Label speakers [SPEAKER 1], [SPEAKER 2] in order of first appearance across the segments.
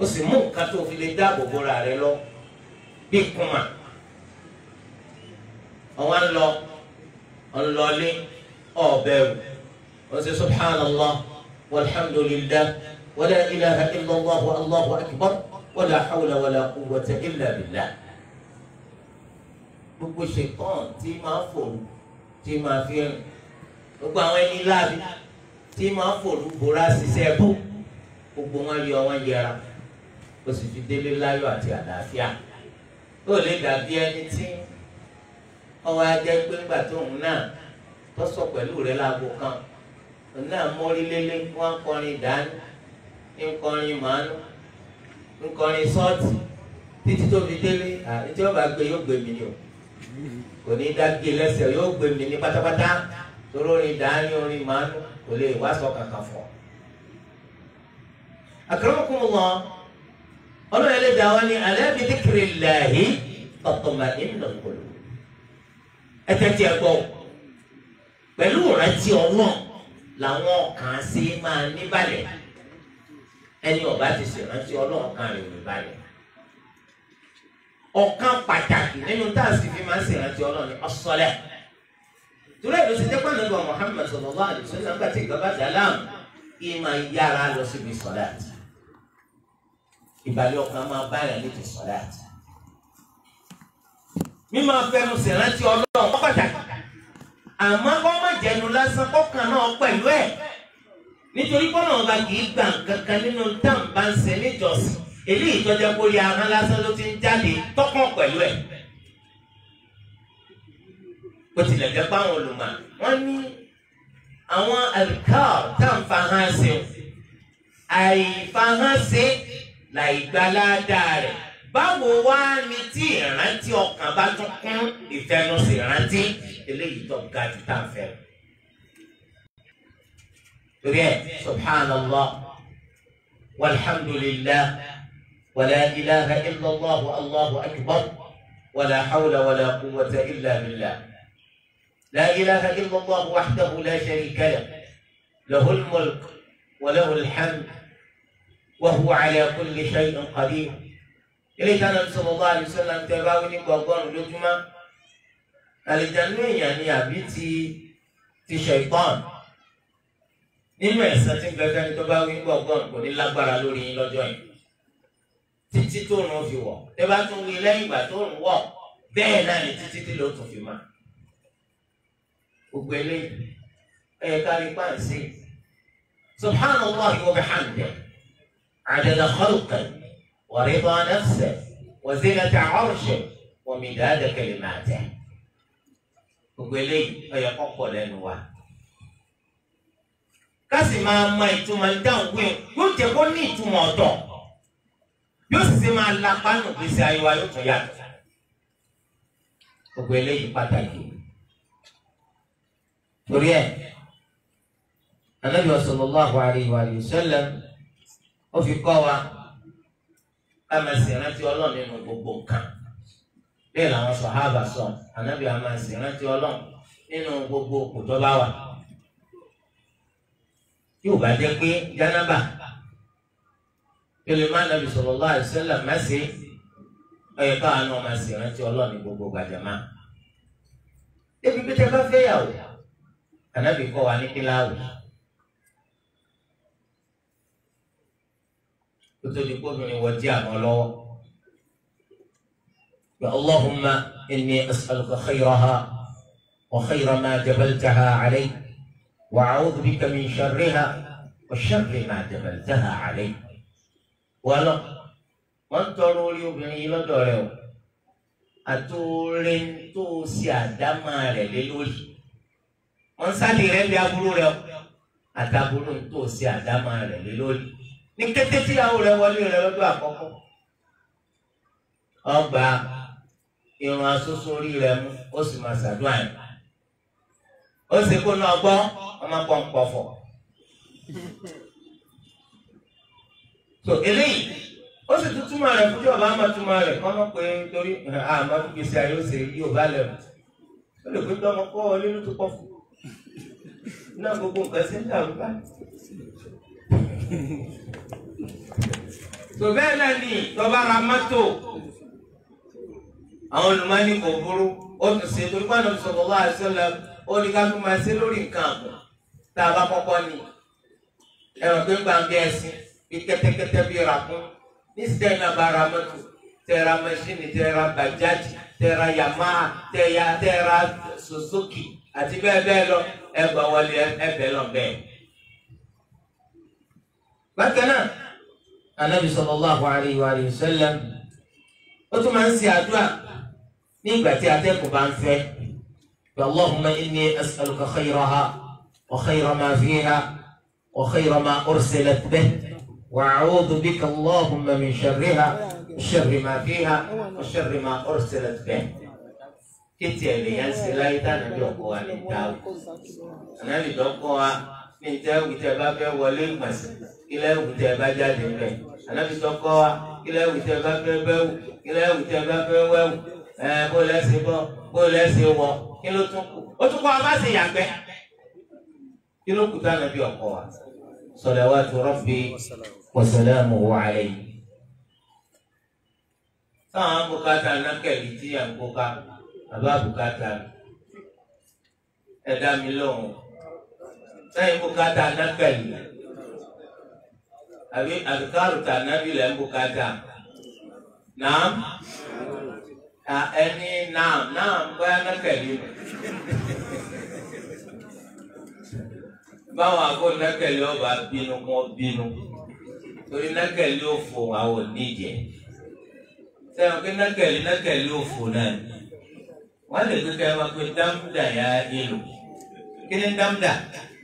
[SPEAKER 1] ó sì mú nǹkan tó fi lè dáàbò bóra rẹ lọ bí kùmà ọwọ́ ń lọ ọlọ́lé ọ̀bẹ̀rù ó sì subhanallah walhamdulillah wala ilaha illallah wa allahu akbar wala hawla wala quwwata illa billah gbogbo ṣèkàn tí máa fòrò tí máa fi rìn gbogbo àwọn ẹni láàbí tí máa fòrò bóra ṣiṣẹ́ bó gbogbo wọn rí wọn yẹra ó sì fi délé láyọ̀ àti àlàáfíà ó lè dàbí ẹni tí ọwọ́ ajẹ́ pé ńgbà tóun náà tó sọ pẹ̀lú rẹ̀ láago kan òun náà mórí lélé wọ́n ń kọrin dání ń kọrin màánú ń kọrin sọ́ọ̀tì títí tó fi délé àti ọba gbé yóò gbé mi ni o kò ní dágbé lẹ́sẹ̀ yóò gbé mi ní pátápátá torí orin dání orin màánú kò lè wá sọ kankan fún àkàrà òkú wọn ọlọ́run ẹlẹ́dàá wọn ni ala bi dhikrillahi tatma'innul qulub ẹ̀tẹ́ tiẹ̀ gbọ́ pẹ̀lú ìrántí ọlọ́run làwọn ọkàn sí máa níbàlẹ̀ ẹni ọba ti ṣèrántí ọlọ́run kan rẹ̀ níbàlẹ̀ ọ̀kan pàtàkì nínú táàsì fi máa ń ṣèrántí ọlọ́run ní as-salah torí ẹ̀ ló ṣe dẹ́pọ̀ nígbà Muhammad sallallahu alaihi wasallam ìgbà bá dà ìmọ̀ yára lọ síbi sọ̀lá àti ìbàlẹ̀ ọkàn máa bá yàn níbi sọ̀lá àti. mímọ fẹnu sì rántí ọlọ́run kọ́ pàtàkì àmọ́ kọ́ má jẹnu lásán kọ́kàn náà pẹ̀lú ẹ̀ nítorí pọ́nà ọba kì í gbà kankan nínú táwọn bá ń ṣe níjọsìn èlé ìtọ́jà kórè ahọ́n lásán ló ti ń jáde tọ́kàn pẹ̀lú ẹ̀. bó tilẹ̀ jẹ́ pé olùmọ̀ wọ́n ní àwọn àlùkò táwọn fahàn ṣe àìfahàn ṣe. láìgbáládàá rẹ̀ báwo wá ni tí ìrántí ọkàn bá tún kún ìfẹnusí ìrántí eléyìí tó ga jù tá a fẹ́. torí ẹ subhanallah walhamdulillah wàlá ilaha illallah allahu akbar wàlá hawla wàlá quwwata illa billah. لا إله إلا الله وحده لا شريك له له الملك وله الحمد وهو على كل شيء قدير eléyìí tí Ànábì sallallahu alaihi wasallam tẹ bá wí ní gbọgọrùn lójúmọ́ àlìjánu èèyàn ni àbí ti ti ṣẹ̀tán nínú ẹ̀san tí bẹ́ẹ̀ fẹ́ni tó bá wí ní gbọgọrùn kò ní lágbára lórí yín lọ́jọ́ yìí títí tóòrùn fi wọ̀ tẹ bá tún wí lẹ́yìn ìgbà tóòrùn wọ̀ bẹ́ẹ̀ náà ni títí tí ló tún fi mọ́ gbogbo eléyìí ẹ̀ka rí pàǹsì subhanallahi wa bihamdihi. عدد خلقه ورضا نفسه وزنة عرشه ومداد كلماته gbogbo eléyìí ọyọ kọ́kọ́ lẹ́nu wa kásì máa mọ ìtumọ̀ dáhùn wíwọ yóò jẹ́ kó ní ìtumọ̀ ọ̀tọ̀ yóò sì ṣe máa lapa nù gbèsè àyíwá yóò tún yàtọ̀ gbogbo eléyìí pàtàkì torí ẹ̀ Ànábì sallallahu alaihi wa sallam ó fi kọ́ wa ká máa sì rántí ọlọ́run nínú gbogbo nǹkan bẹ́ẹ̀ làwọn sàhábà sọ ànábì á máa sì rántí ọlọ́run nínú gbogbo òkú tó bá wà yóò bá jẹ́ pé jánábà pẹ̀lú máa nàbì sallallahu alaihi wasallam mẹ́sì ọ̀yẹ̀ káwọn náà máa sì rántí ọlọ́run ní gbogbo gbàjàmá ebi pété bá fẹ́ yàwó ànábì kọ́ wa ní kíláàwó. بتلقون من وجهه ولو اللهم إني أسألك خيرها وخير ما جبلتها علي وأعوذ بك من شرها وشر ما جبلتها علي ولا من تقول يبني لا دعوة أتولين توسيا دمار للوج من سالي رأي أبو لوج أتقولون توسيا دمار للوج ní kété tíyàwó rẹ wọlé rẹ lọ́dún àkọ́kọ́ ọgbà irun asosọ orí rẹ mú ó sì máa ṣàdúrà yẹn ó sì kó náà gbọ́ ọmọ pọ̀npọ̀fọ̀ so eléyìí ó sì tún túmọ̀ rẹ̀ fúnjọ́ ọba máa túmọ̀ rẹ̀ kọ́ mọ̀ pé torí àmọ́ fún gbèsè ayé ó ṣe yóò bá lẹ̀ ó lè pé tọmọ kọ́ ọ nínú tó pọ̀ fún náà gbogbo nǹkan ṣe ń dàrú báyìí tó bẹ́ẹ̀ náà ni lọ́ba ra mọ́tò àwọn olùmọ́ni kò burú ó tún ṣe torí pàdé sallallahu alaihi wasallam ó ní ká tún máa ṣe lórí nǹkan àgbọ̀n tá a bá kọ́kọ́ ní ẹ̀rọ tó ń gbàǹgẹ̀ ẹ̀sìn bí kẹ́tẹ́kẹ́tẹ́ bí ràkún ní sídẹ̀ náà bá ra mọ́tò tẹ́ra mẹ́ṣíìnì tẹ́ra bàjáde tẹ́ra yamaha tẹ́ya tẹ́ra Suzuki àti bẹ́ẹ̀ bẹ́ẹ̀ lọ ẹgbà wọlé ẹbẹ̀ lọ bẹ́ẹ̀. bákan náà anabi sallallahu alayhi wa sallam ó tún máa ń ṣe àdúrà ní ìgbà tí atẹ́kùn bá ń fẹ́ bí allahumma inni as'aluka khayraha wa khayra ma fiha wa khayra ma ursilat bih wa a'udhu bika allahumma min sharriha wa sharri ma fiha wa sharri ma ursilat bih kí tiẹ̀ lè yẹn ṣe láyé tá wa ní dáwọ́ ànábì dọ́kọ́ wa ní ìtẹ́ ìwì tẹ́ bá fẹ́ wọlé ìgbọ̀nsẹ̀ ilẹ̀ ìwì tẹ́ bá jáde rẹ̀ ànábi tó kọ́ wa ilẹ̀ ìwì tẹ́ bá fẹ́ bẹ́wù ilẹ̀ ìwì tẹ́ bá fẹ́ wẹ̀wù ẹ̀ bó lẹ́sìn bọ́ bó lẹ́sìn wọ kí ló tún kù ó tún kọ́ wa bá sì yàgbẹ́ kí ló kù tánà bí ọkọ wa salawatu rabbi wa salamuhu alayhi. táwọn bùkátà nákẹ́lì tí à ń kóká bàbá bùkátà ẹ̀dá mi lọ́hùn-ún sẹ́yìn bùkátà nàkàlì àbí àbíkárù tà nàbí lẹ̀ ń bùkátà nàám ẹni nàám nàám bóyá nàkàlì nù. báwọn àgọ́ nàkàlì ọba bínú kún bínú torí nàkàlì òfò àwọn oníjẹ sẹ́yìn pé nàkàlì nàkàlì òfò náà wọ́n lè gbé kẹ́ ẹ máa pe dámdà yá ìlú kí ni dámdà.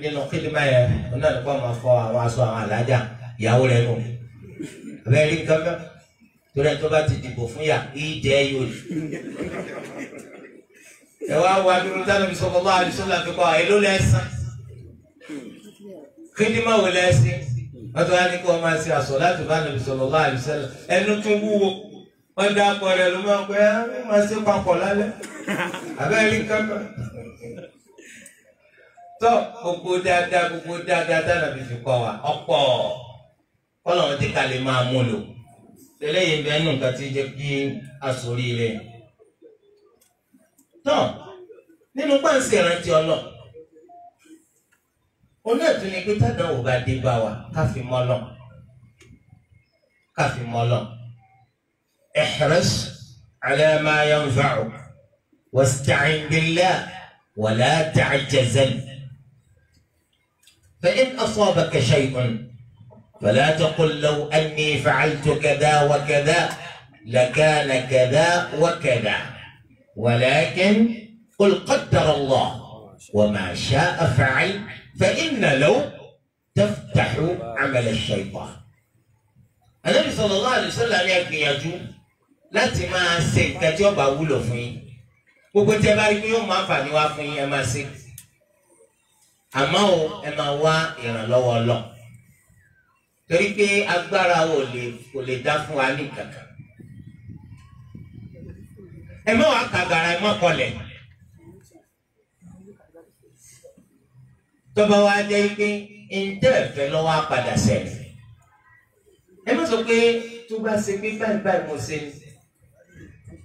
[SPEAKER 1] nínú kílímà yẹn wọn náà nípa máa fọ àwọn aṣọ àwọn àlájà ìyàwó rẹ nù abẹ́rẹ́ nǹkan mẹ́ torí ẹni tó bá ti dìbò fún yà ìjẹ́ yóò rí ẹ wá wá dúró tánà bí sọkọ bá àdìsọ là fi kọ èló lẹ́sàn kílímà wò lẹ́sìn wọ́n tó wá ní kí wọ́n máa ṣe àṣọ láti bá nàbì sọ̀rọ̀ bá àdìsọ ẹnu tún wúwo wọ́n dá akọ rẹ̀ ló máa ń pẹ́ ẹ́ máa ṣe papọ̀ lálẹ́ abẹ́rẹ́ nǹkan mẹ́ tó gbogbo dáadáa gbogbo dáadáa dáadáa fi fi kọ́ wa ọ̀pọ̀ kọ́nà ọ̀dí ká lè máa mú lò lẹ́lẹ́yìn bẹ́ẹ̀ nù nǹkan ti jẹ́ kí a sórí rẹ̀. tó nínú pàǹsì ìrántí ọlọ́ oní ẹ̀tún ni pé tádàn ò bá dé bá wa ká fi mọ́ ká fi mọ́ lọ. ihris ala ma yanfa'u wasta'in billah wala ta'jazan. فإن أصابك شيء فلا تقل لو أني فعلت كذا وكذا لكان كذا وكذا ولكن قل قدر الله وما شاء فعل فإن لو تفتح عمل الشيطان النبي صلى الله عليه وسلم يقول يا جو لا تما tí ó باولو wúlò fún yín gbogbo tí ẹ bá rí àmọ́ o ẹ máa wá ìrànlọ́wọ́ lọ torí pé agbára wo lè kò lè dá fún wa ní kankan ẹ má wàá kàgàrà ẹ má kọlẹ̀ tọ́ba wa jẹ́ pé ǹjẹ́ ẹ̀fẹ́ lọ́wọ́ á padà sẹ́yìn ẹ má sọ pé tó bá ṣe pé báyìí báyìí mo ṣe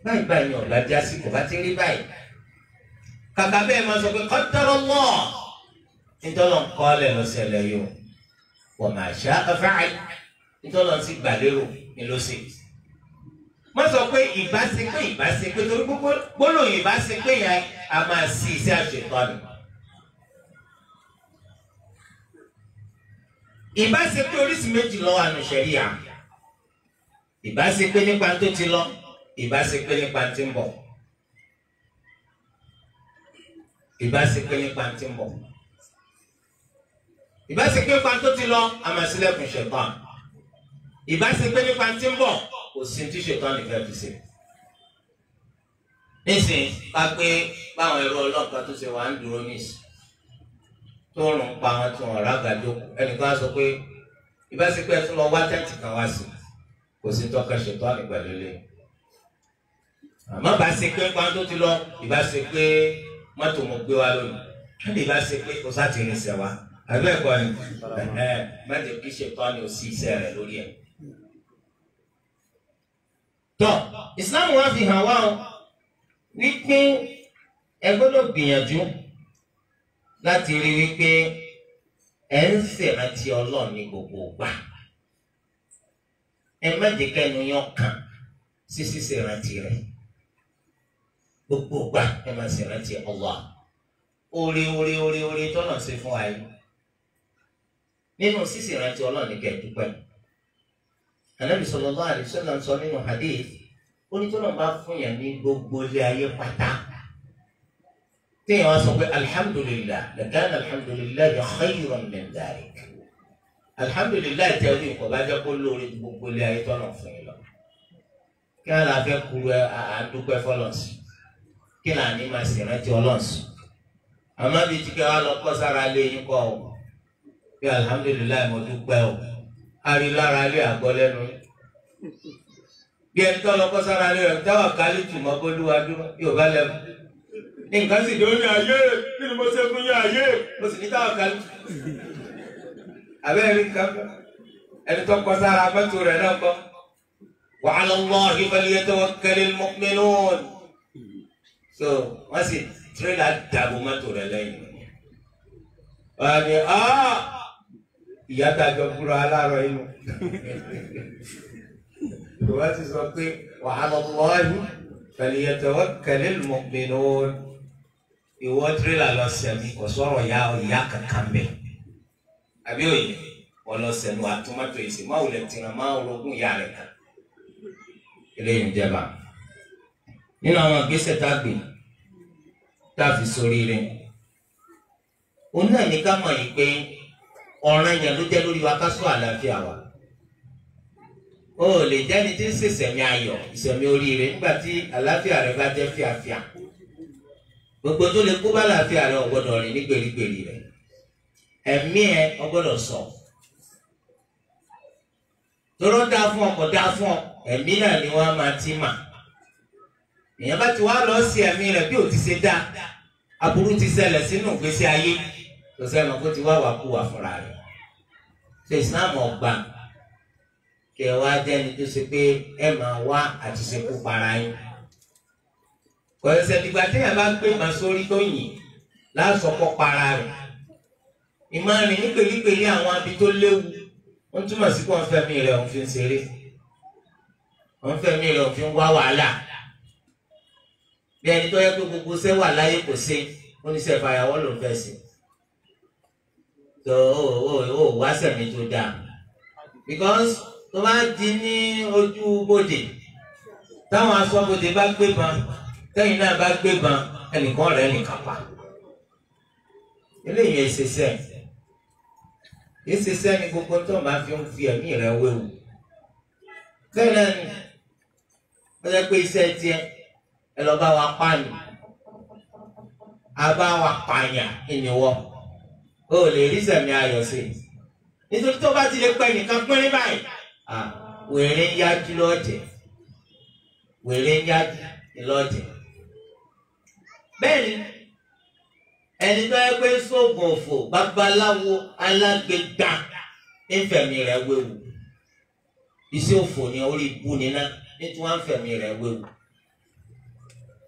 [SPEAKER 1] báyìí báyìí ọ̀la jásí kò bá ti rí báyìí kàkà bẹ́ẹ̀ máa sọ pé qaddara Allah nítorí nǹkan lẹ̀ ló ṣẹlẹ̀ yìí o wọ́n máa ṣá afáàyè nítorí wọ́n ti gbà lérò ni ló ṣe. wọ́n sọ pé ìbá ṣe pé ìbá ṣe pé torí gbogbo gbólóhùn ìbá pé yẹn a máa sí iṣẹ́ àṣetọ́ ni. ìbá ṣe pé oríṣi méjì lọ́wọ́ àánú ṣẹ̀ríà ìbá ṣe pé nípa tó ti lọ ìbá ṣe pé nípa tí ń bọ̀ ìbá pé nípa tí ń bọ̀ ìbáṣe pé nípa tó ti lọ àmàsílẹ̀kùn ṣẹ̀tàn ìbáṣe pé nípa tí ń bọ̀ kò sí ti ṣẹ̀tàn nìkan ti ṣe. nísìn ká pé báwọn ẹrú ọlọ́pàá tó ṣe wà ń dúró nísìn tó rùn pa wọn tí wọn rà gàdó ẹnìkan sọ pé ìbáṣe pé ẹtún lọ wá tẹ́ǹtì kan wá sí kò sí tọ́ka ṣẹ̀tàn nìkan lélẹ̀. àmọ́ ìbáṣe pé nípa tó ti lọ ìbáṣe mọ́tò mo gbé wa lónìí ìbáṣe pé kò sá ti rìn sẹ́wàá abẹ́ ẹ̀kọ́ ni mẹ́tẹ̀ kí ṣètò àná ò sí iṣẹ́ rẹ̀ lórí ẹ̀. tọ́ ìsìláàmù wa fi hàn wá o wípé ẹ gbọ́dọ̀ gbìyànjú láti rí wípé ẹ ń ṣèrántí ọlọ́run ní gbogbo ìgbà ẹ má jẹ́ yàn kàn sí ṣíṣèrántí rẹ̀ gbogbo ìgbà ẹ má ṣèrántí Allah oore oore oore oore tọ́nà ṣe fún wa yìí nínú sísè rántí ọlọ́run ní kẹ̀dúpẹ́ anabi sallallahu alaihi wasallam sọ nínú hadith onítọ́nà bá fún yàn ní gbogbo ilé ayé pátá téèyàn wá sọ pé alhamdulillah lẹ́kàn alhamdulillah yẹ khayran min dhalik alhamdulillah tẹ ọdún kò bá jẹ́ kó lórí gbogbo ilé ayé tọ́nà fún yín lọ kí á láfẹ́ kúrú àdúpẹ́ fọlọ́sì kí làní máa sì rántí ọlọ́sì àmọ́ bíi ti wá lọ kọ́ sára lé yín kọ́ ọ́ bí alihamudulilayi mo dúpẹ́ o arilára ilé àgọ́ lẹ́nu bí ẹni tó lọ kọ́ sára ilé rẹ̀ táwọn kálí tù mọ́ bólúwa dúró yóò bá lẹ́nu nǹkan sì dóní ayé kí ni mo ṣe fún yín ayé mo sì ní táwọn kálí abẹ́rẹ́ nǹkan ẹni tó kọ́ sára abẹ́tù rẹ̀ náà kọ́ wa 'ala Allahi falyatawakkalil mu'minun so wọ́n sì tírélà dàbò mọ́tò rẹ̀ lẹ́yìn wọ́n á ní ọ́. Ah! ìyá tajọ búra aláàárọ̀ inú ìwà ti sọ pé wàhálà wáyú pẹ̀lú yẹtọ̀wọ́ kẹlẹ́ lùmọ̀gbìnú ìwọ tirẹ̀là lọ sẹ̀mí kò sọ̀rọ̀ ya ìyá kankan bẹ̀ àbí òye wọn lọ sẹ̀nu àtúmọ̀tò ìsìn máa wulẹ̀ tìrán máa wọlọ́gùn ìyá rẹ̀ kan eléyìí ń jẹba nínú àwọn ìgbésẹ̀ tá a gbé tá sórí rẹ̀ òun náà ní ká mọ̀ yìí pé ọ̀ràn yẹn ló jẹ́ lórí wa ká sọ àlàáfíà wa. o ò lè jẹ́ni tí ń ṣèṣẹ̀mí ayọ̀ ìṣẹ̀mí oríire nígbà tí àlàáfíà rẹ bá jẹ́ fíàfíà. gbogbo tó lè kó bá àlàáfíà rẹ ò gbọ́dọ̀ rìn ní gbèrígbèrí rẹ. ẹ̀mí ẹ ò gbọ́dọ̀ sọ. tóró dá fún ọ kò dá fún ọ ẹ̀mí náà ni wọ́n máa ti mà. èèyàn bá ti wá lọ sí ẹ̀mí rẹ bí ò ti ṣe dá aburú ti ṣẹlẹ̀ sínú ìgbésí ayé kò sẹ́nu kó ti wá wà kú wà fúnra rẹ̀ so Islam ọgbà kẹ wá jẹ́ni tó ṣe pé ẹ máa wá àtúnṣekú para yín kò ẹsẹ̀ dìgbà téèyàn bá gbé màá sórí tó yìn lásọpọ̀ para rẹ̀ ìmọ̀rin ní pèlípèlí àwọn abi tó léwu wọ́n túmọ̀ sí pé wọ́n fẹ́mi rẹ̀ òun fi ń ṣeré wọ́n fẹ́mi rẹ̀ òun fi wá wàhálà bí ẹni tó yẹ pé gbogbo ṣẹ́ wà láyé kò ṣe oníṣẹ́ fàyàwọ́ ló ń fẹ́ sí i tó o wá sẹ̀mí tó dáa because tó bá di ní ojú bodè táwọn aṣọ́bodè bá gbébọn tẹ́yìn náà bá gbébọn ẹnìkan rẹ̀ nìkan pa eléyìí ẹsẹ̀ sẹ́ẹ̀ èsì sẹ́ni gbogbo tó máa fi ń fi ẹ̀mí rẹ̀ wéwu tẹ́lẹ̀ ni ó yẹ pé iṣẹ́ tiẹ̀ ẹ lọ bá wa pààyàn a bá wa pààyàn ìníwọ́ o lè rí sẹ̀mí ayọ̀ sí nítorí tó bá ti lè pẹ́ nìkan pín ní báyìí wèrè ń yájú lọ́jẹ̀ wèrè ń yájú lọ́jẹ̀ bẹ́ẹ̀ ni ẹni tó yẹ pé sóògùn òfò babaláwo alágbègbà ńfẹ̀mí rẹ̀ wéwu iṣẹ́ òfò ni orí ibu níná nítorí wọ́n fẹ̀mí rẹ̀ wéwu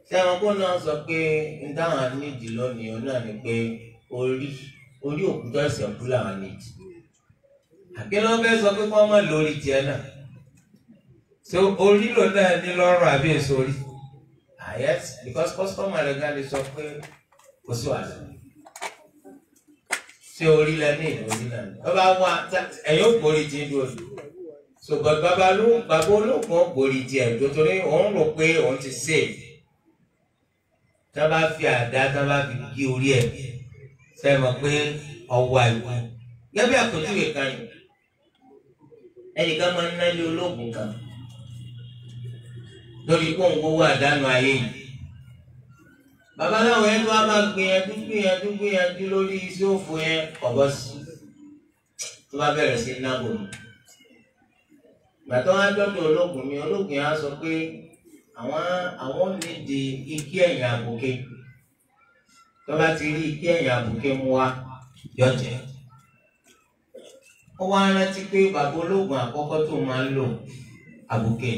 [SPEAKER 1] sẹ́wọ̀n kó náà sọ pé ń dáhùn àníjì lónìí òun náà ni pé orí orí òkúta ẹsẹ̀ kú làwọn méjì àkínlọ́ fẹ́ sọ pé kọ́ mọ̀ lórí tiẹ̀ náà so orí ló náà ní lọ́rùn àbí èso orí ah yes because customer rẹ̀ gan lè sọ pé kò sí wàhálà ṣé orí lẹ ní ìlú orí náà bàbá wa ẹ̀yìn ò borí jí ní oṣù so bàbá ló bàbá olóògùn ò borí jí ẹ̀ nítorí òun rò pé òun ti save tí wọ́n bá fi àdá tí wọ́n bá fi gé orí ẹ̀ bíi sẹ́wọ̀n pé ọwọ́ àìwọ́ gẹ́gẹ́ bí àpèjúwe kan yìí ẹnìkan máa ń náyé olóògùn kan lórí kóńgówó àdánù ayé yìí babaláwo yẹn tó a máa gbìyànjú gbìyànjú gbìyànjú lórí iṣẹ́ òfò yẹn kọ̀bọ́ sí tó bá bẹ̀rẹ̀ sí nábò mi gbàtọ́ wọn dọ́dọ̀ mi olóògùn yẹn á sọ pé àwọn àwọn nídìí igi ẹ̀yìn àbòkè tọ́ba ti rí kí ẹ̀yìn àbùké mu wa yọjẹ. ó wá rántí pé bàbá ológun àkọ́kọ́ tó máa ń lò àbùké.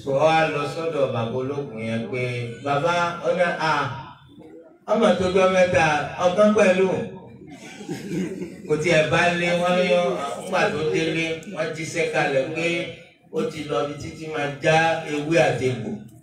[SPEAKER 1] sọ wá lọ sọ́dọ̀ bàbá ológun yẹn pé bàbá ọ̀nà à ọmọ tó gbọ́ mẹ́ta ọ̀gán pẹ̀lú kò tiẹ̀ bá lé wọ́n yọ ńgbà tó délé wọ́n jíṣẹ́ kalẹ̀ pé ó ti lọ bí títí máa já ewé àtegbò.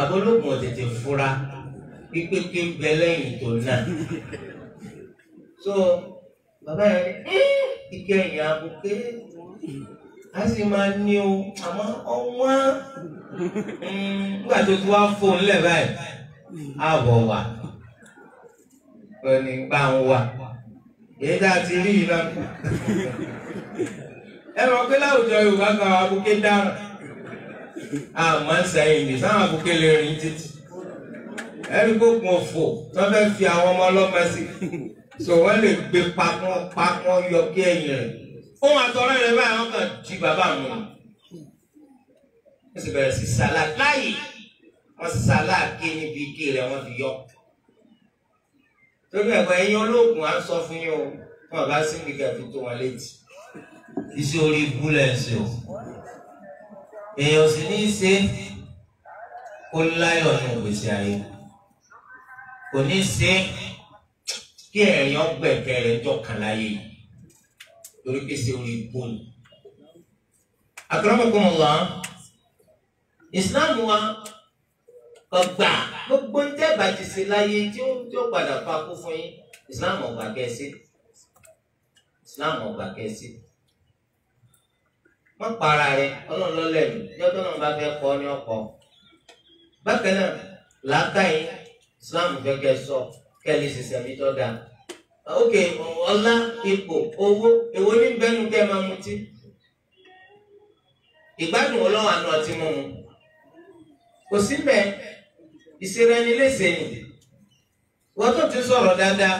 [SPEAKER 1] àbólógùn tètè fura pípé ké ń bẹ lẹ́yìn tó náà so bàbá yẹn ní ike ẹ̀yìn àbùké a sì máa ní o àmọ́ ọ̀wọ́n hmm, nígbà tó ti wá fóun lẹ̀ báyìí àbọ̀ wà ó ní gbà ń wà èyí tá a ti rí yìí náà ẹ mọ̀ pé láwùjọ Yorùbá kan àbùké dára àmọ́ sẹ́yìn ní sáwọn àbúkélé rìn títì ẹ̀rí gbogbo ọ̀fọ̀ tó fẹ́ fi àwọn ọmọ ọlọ́mọ sí so wọ́n lè gbé papọ̀ papọ̀ yọ kí ẹ̀yìn rẹ̀ ohun àtọ́rọ́ rẹ̀ báyìí wọ́n kàn di bàbá mi wọ́n sì bẹ̀rẹ̀ sí sàlá láyè wọ́n sàlá ké níbi ike rẹ̀ wọ́n fi yọ torí ẹ̀kọ́ ẹ̀yin olóògùn á sọ fún yín o wọn bá sí nìkan fi tó wọn létí iṣẹ́ orí ibú lẹ́sìn o èèyàn sì ní í ṣe kó láyọ̀ ní ìgbésí ayé kò ní í ṣe kí èèyàn gbẹ̀kẹ́ rẹ̀ jọ̀kan láyé yìí torí pé ṣe orí ipò ni. àkàràmọ̀kọ́ mọ̀lá ìsìláàmù wa ọgbà gbogbo ń tẹ́ bàjẹ́ sí láyé tí ó padà pa kú fún yín ìsìláàmù ọgbà kẹ́sí ìsìláàmù ọgbà kẹ́sí má para rẹ ọlọ́run lọ́lẹ̀ mi yọ́tọ́ náà bá fẹ́ kọ́ ní ọkọ̀. bákan náà làákàyè islam fẹ́ kẹ́ sọ kẹ́lí sísẹ̀ mi tọ́ da. ok ọlá ipò owó èwo ní bẹ́nu kẹ́ máa mutí. ìgbádùn ọlọ́wọ́ àná ọtí mú mu. kò sí bẹ́ẹ̀ ìṣeré ẹni léṣe ni. wọ́n tó ti sọ̀rọ̀ dáadáa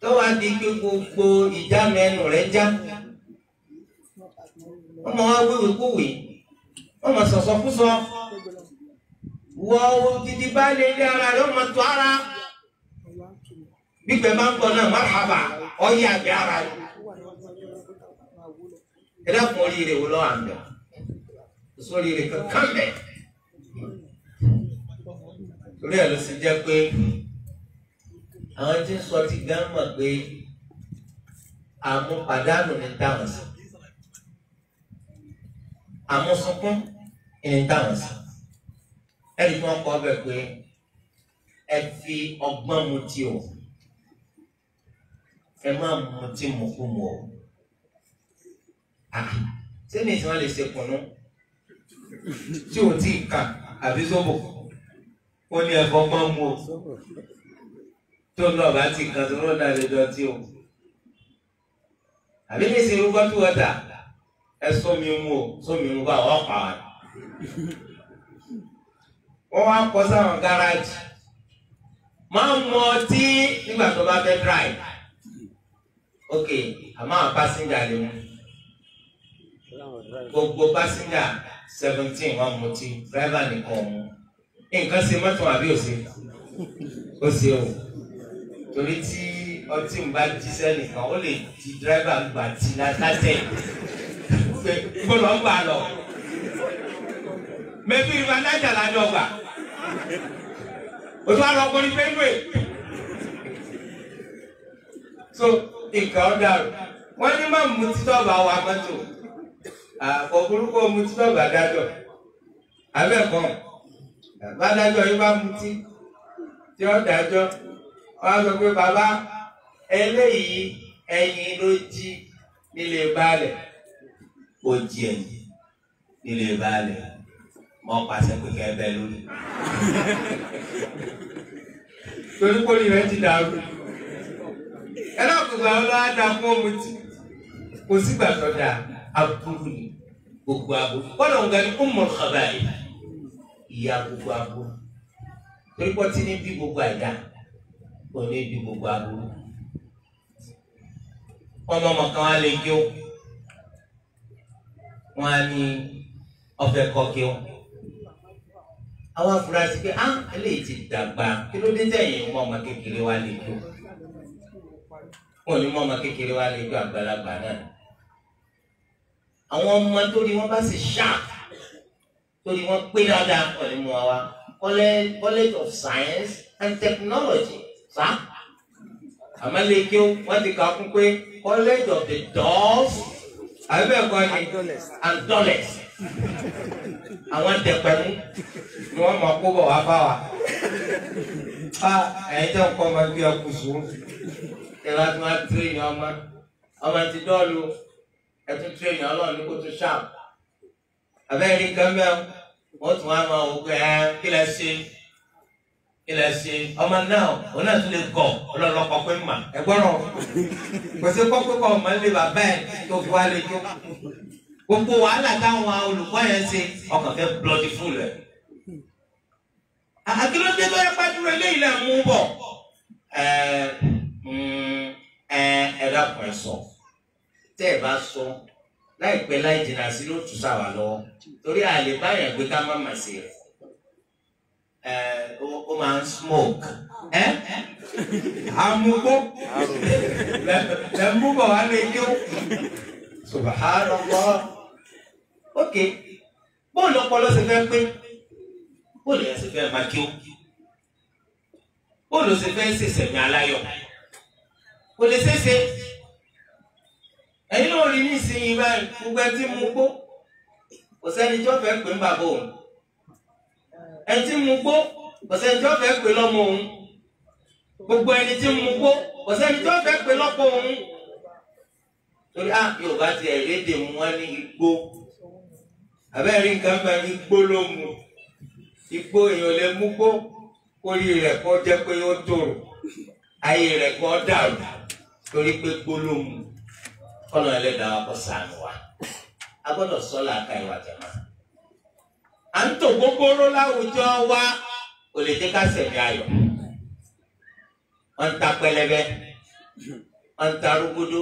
[SPEAKER 1] tọ́wọ́ á di gbogbo ìjà mẹ́nu rẹ̀ já wọ́n máa wá wéwèé kówè wọ́n máa sọ̀sọ̀ fún sọ wọ ara rẹ̀ wọ́n tó ara gbígbẹ́ máa ń gbọ́ náà marhaba ọ̀yẹ́ àgbẹ̀ ara rẹ̀ ẹ̀dá kan oríire wò lọ́wọ́ àgbẹ̀ sóríire kankan bẹ̀ torí ẹ̀ ló sì jẹ́ pé àwọn tí ń sọ ti gán mọ̀ pé àmúpadánù ní táwọn sí àmú sunkún intense ẹni tí wọ́n kọ́ bẹ̀ pé ẹ fi ọgbọ́n mu tí o ẹ má mu tí mo kú mu o ah, ṣé ní ìsìn wọn lè ṣe kùnú tí o ti kà àbí sóbò ó ní ẹ fọgbọ́n mu o tó ń lọ bá ti kàn tó ń lọ o àbí ní ìsìn rúgbọ́n tó wọ́n ta ẹ sómi mu o sómi mu bá wọ́n pa á. wọ́n wá kọ́ sáwọn gáràjì máa ń mu ọtí nígbà tó bá fẹ́ dráì ok àmọ́ àwọn pásíńgà lè mu gbogbo pásíńgà seventeen wọ́n mu ọtí dráìvà nìkan mu nǹkan ṣe mọ́tò àbí òsè ó ṣe o torí tí ọtí ń bá jíṣẹ́ nìkan ó lè di dráìvà gbà tí látàtẹ̀ gbọ́dọ̀ ń gbà lọ mẹ́bí ìwà nájà lájọ gbà o tún àlọ́ ọkùnrin pẹ́ẹ́pẹ́ so nǹkan ó dàrú wọ́n ní má mú títọ́ bá wa mọ́tò àkọ́kúrúkọ mú títọ́ bá dájọ́ abẹ́ẹ̀kọ́ bá dájọ́ yóò bá mutí tí ó dájọ́ wọ́n á sọ pé bàbá eléyìí ẹ̀yìn ló jí nílé baálẹ̀ ó jí ẹ̀yìn nílé baálẹ̀ mọ́ pàṣẹ pé kẹ́ bẹ́ẹ̀ lórí. torí pólì rẹ ti dàrú ẹ náà kò gbà lọ́wọ́ á da fún omi tì kò sígbà tó da aburú ni gbogbo aburú wọ́n lọ́n gani ó mọ̀ ọ̀bà yìí ìyá gbogbo aburú torí pọ́ tí ní bí gbogbo àìdá kò ní bí gbogbo aburú ọmọ ọmọ kan lè jó wọn á ní ọfẹ kọkí o àwọn afurasí pé á eléyìí ti dàgbà kí ló dé tẹ̀yìn mọ́ ọmọ kékeré wa lè tó wọn ò ní mọ́ ọmọ kékeré wa lè tó àgbàlagbà náà àwọn ọmọ torí wọn bá sì ṣáà torí wọn pé dáadáa wọn ní mú wa wá college of science and technology sá àmọ́ lè kí wọ́n ti kà á kún pé college of the dolls àbẹ ẹ̀kọ́ ni andolex àwọn tẹpẹmú ni wọn máa kó bọ̀ wá bá wa a ah, ẹ̀yin tẹ nǹkan máa gbé ọkùn sùn tẹlẹ tí wọn tún èèyàn ọmọ ọmọ ti dọ́ọ̀lù ẹtún tún èèyàn ọlọ́run ní kó tún ṣáà àbẹ́rẹ́ nǹkan mẹ́wọ́n wọ́n tún wá máa wò pé ẹ kí lẹ ṣe ilẹ̀ ṣe ọmọ náà òun náà tún lè gọ̀ ọlọ́lọ́kọ pé mà ẹgbọ́rọ̀ kò sí kọ́kọ́ kọ́ ọmọ ilé bàbá ẹ̀ tó fi wá lé jó gbogbo wàhálà táwọn olùkọ́ yẹn ṣe ọkàn fẹ́ blọdí fún rẹ̀. àkìlódé tó yẹ pàdúrà lé ilẹ̀ mú bọ̀ ẹ ẹ ẹ dákun ẹ sọ tẹ́ ẹ bá sọ láìpẹ́ láì jìnnà sí ló tù sáwà lọ torí àlè báyẹn gbé ká má mà rẹ̀ ó máa ń smoke ẹ amugbó lẹ́mùbọ̀ wà lè yó subhanallah ok bóòlù ọpọlọ ṣe fẹ́ pé bóòlù yẹn ṣe fẹ́ máa kí ó bóòlù ṣe fẹ́ ṣèṣẹ̀ mi aláyọ̀ kò lè ṣeéṣe ẹ̀yin náà rí nísìnyí báyìí gbogbo ẹtí mú gbó kò sẹ́ni tí wọ́n fẹ́ pè ń bàbá òun. ẹni tí ń mu gbó ọ̀sẹ̀ ẹni tí fẹ́ pè lọ́mọ òun gbogbo ẹni tí mu gbó ọ̀sẹ̀ tí fẹ́ pè lọ́pọ̀ òun torí á ah, yorùbá ti ẹ̀rẹ́dẹ̀ mu wá ní igbó àbẹ́ nǹkan bá ní igbó ló mu igbó èèyàn lè mú gbó rẹ̀ kọ́ jẹ́ pé ó tòrò ayé rẹ̀ kọ́ dàrú torí pé gbó ló mu kọ́nà ẹlẹ́dàá à ń tò gógóró láwùjọ wa kò lè dé ká sẹ̀mí ayọ̀ wọ́n ń ta pẹlẹbẹ wọ́n ń ta rúgúdú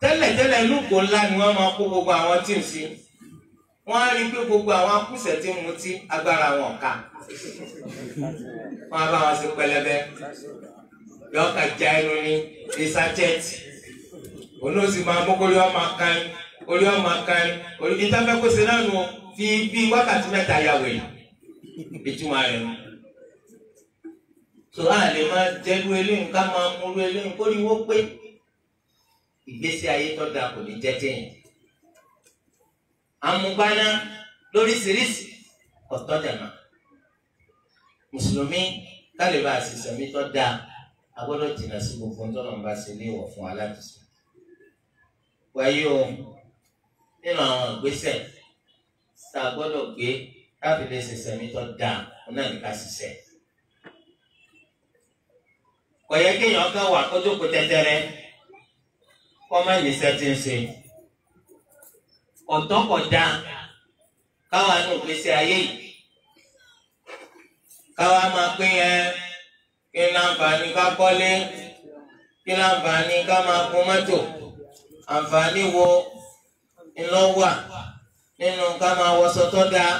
[SPEAKER 1] tẹ́lẹ̀tẹ́lẹ̀ lúgò ńlá ni wọ́n máa kó gbogbo àwọn tí ń sí wọ́n á rí pé gbogbo àwọn akúṣẹ̀ tí ń mutí agbára wọn ká wọ́n á bá wọn sí pẹlẹbẹ yọ já irun ní ìsájẹ́tì olóòsì máa mú kó ọmọ kan orí ọmọ kan orí ìtàfẹ́ náà nù o fi bí wákàtí mẹ́ta ya wẹ̀ ìtumọ̀ rẹ̀ mu. sọ̀rọ̀ àlè máa jẹ́rú eléyìí ká máa múrú eléyìí kó ní wọ́n pé ìgbésí ayé tó dáa kò ní jẹ́jẹ́ yẹn. amúgbáná lóríṣiríṣi ọ̀tọ́ dẹ̀mà. mùsùlùmí kálíbà àṣìṣe mi tó dáa a gbọ́dọ̀ jìnnà sí gbogbo ntọ́nà bá ṣe lé ìwọ̀ fún aláàtúnṣe. wáyé o nínú àwọn ìgbésẹ̀ yìí tá a gbọ́dọ̀ gbé káfí lè ṣe sẹ̀mí tó dáa òun náà ní ká ṣiṣẹ́. kò yẹ kéèyàn kan wà kó jókòó tẹ́tẹ́rẹ́ kó má níṣẹ́ tí ń ṣe. ọ̀tọ́ kò dáa káwa nù gbèsè ayé yìí káwa máa pín yẹn kí láǹfààní ká kọ́lé kí láǹfààní ká máa gun mọ́tò àǹfààní wo ńlọ wà nínú ká máa wọṣọ tó dáa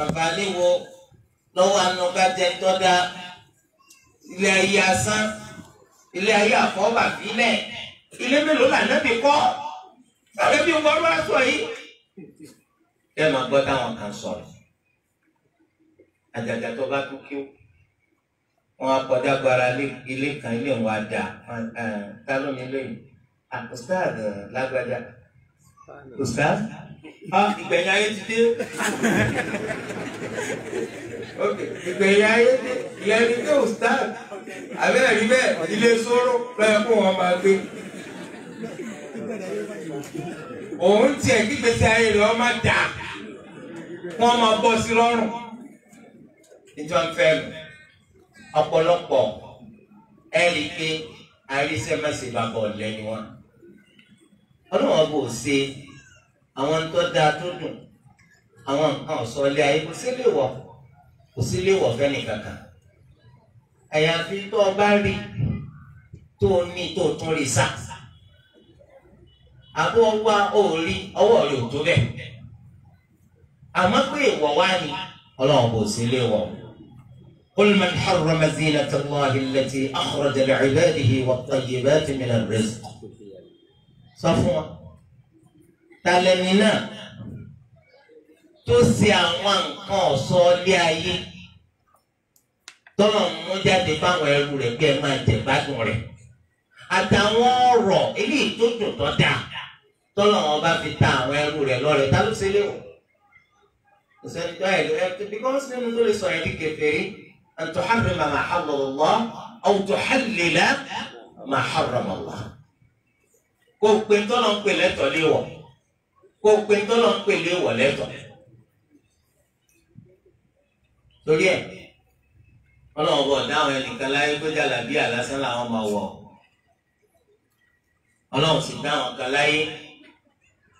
[SPEAKER 1] àǹfààní wo lọ́wọ́ àánú ká jẹ tó dáa ilé ayé asán ilé ayé àfọwọ́bà bílẹ̀ ilé mélòó là nẹ́bí kọ́ àbẹ́bí wọ́n lọ́wọ́ aṣọ yìí. ẹ máa gbọ́ táwọn kan sọ̀rọ̀ àjàjà tó bá tún kí wọn akọjá gbára ilé kan ilé wọn àdá ta ló ní lóyún àkùstáàdì ah, lágbájá kùstáàdì ìgbẹ̀yìn ayé ti dé ìgbẹ̀yìn ayé dé ìyẹn ní kò start àbẹ́rẹ́ rí bẹ́ẹ̀ ilé sọ̀rọ̀ lọ́yẹ̀ kó wọn máa gbé òun tiẹ̀ kí gbèsè ayé rẹ̀ ọmọ dà wọ́n máa bọ́ sí lọ́rùn ìjọ ń fẹ́ mi ọ̀pọ̀lọpọ̀ ẹ̀rí pé àrísẹ́mẹsẹ̀ bàbá ọ̀lẹ́ni wọn ọlọ́wọ́n kò ṣe àwọn tó dáa tó dùn àwọn nǹkan ọ̀sọ́ ilé ayé kò sí lè wọ̀ kò sí lè wọ̀ fẹ́ni kankan àyàfi tó o bá rí tó o ní tó o tún rí sá àbọ̀ wá o rí ọwọ́ rẹ̀ ò tó bẹ́ẹ̀ àmọ́ pé ìwọ̀ wá ni ọlọ́run kò sí lè wọ̀. قل من حرم زينة الله التي أخرج لعباده والطيبات من الرزق صفوة talẹ́ni náà tó ṣe àwọn nǹkan ọ̀ṣọ́ ilé ayé tọ́lọ̀ mú jáde báwọn ẹrú rẹ̀ bí ẹ máa jẹ gbádùn rẹ̀ àtàwọn ọ̀rọ̀ eléyìí tó dùn tó dà tọ́lọ̀ wọn bá fi ta àwọn ẹrú rẹ̀ lọ́rẹ̀ ta ló ṣe léwọ̀ kò sẹ́ni tó ẹ̀ lóyún ẹ̀ bíkọ́sì nínú tó lè sọ ẹ̀ ní kèfèrí an tuharrima ma harrama Allah aw tuhallila ma harrama Allah kó o pe tọ́lọ̀ ń pè lé wọ̀lẹ́tọ̀ torí ẹ̀ ọlọ́run bọ̀ dáhùn ẹnìkan láyé tó jàlá bí àlásán làwọn máa wọ̀ ọlọ́run sì dáhùn kan láyé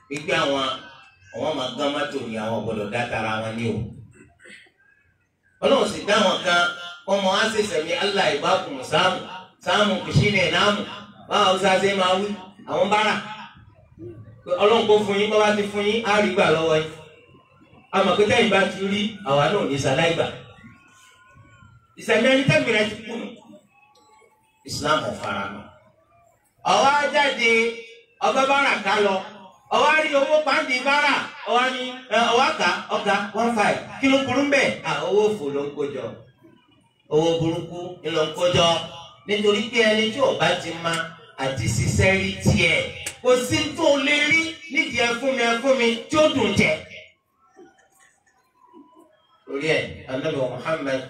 [SPEAKER 1] wípé àwọn àwọn máa gán mọ́tò ní àwọn gbọ́dọ̀ dátara wọn ní o ọlọ́run sì dáhùn kan wọ́n mọ àṣẹṣẹ mi Allah ìbákùn sáàmù sáàmù kìsínì náàmù báwo sáà ṣe máa wí àwọn bára ọlọ́run kó fún yín bọ́lá ti fún yín á rí gbà lọ́wọ́ yín àmọ́ pé bá ti rí àwa náà ní sàlàyé ìsẹ̀mí ẹni tẹ́gbìrẹ́ ti kú Islam ọ̀fara nù ọwọ́ jáde ọba bára ká lọ ọwọ́ rí owó pàǹdì bára ọwọ́ ní ọwọ́ àká ọ̀gá one five kí ló burú mbẹ́ owó òfò ló ń kójọ owó burúkú ló ń kójọ nítorí pé ẹni tí ọba ti ma àti ṣiṣẹ́ rí tiẹ̀. kò sí tó lè rí nídìí ẹfún mi ẹfún mi tí ó dùn jẹ. orí ẹ anabi muhammed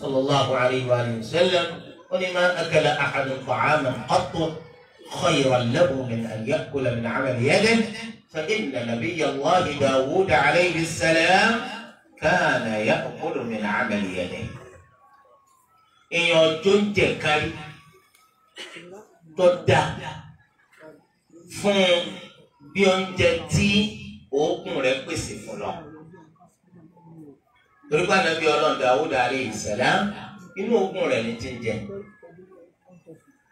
[SPEAKER 1] sallallahu alayhi wa sallam ó ní ma akala ahadun ta'aman qattu khayran lahu min an ya'kula min 'amali yadihi فإن نبي الله داود عليه السلام كان يأكل من عمل يديه èèyàn tó ń jẹ kárí tó dáa fún bí oúnjẹ tí òógùn rẹ̀ pèsè fún lọ. torí pé ànábì ọlọ́run Dawud alayhi salam inú òógùn rẹ̀ ní ti ń jẹ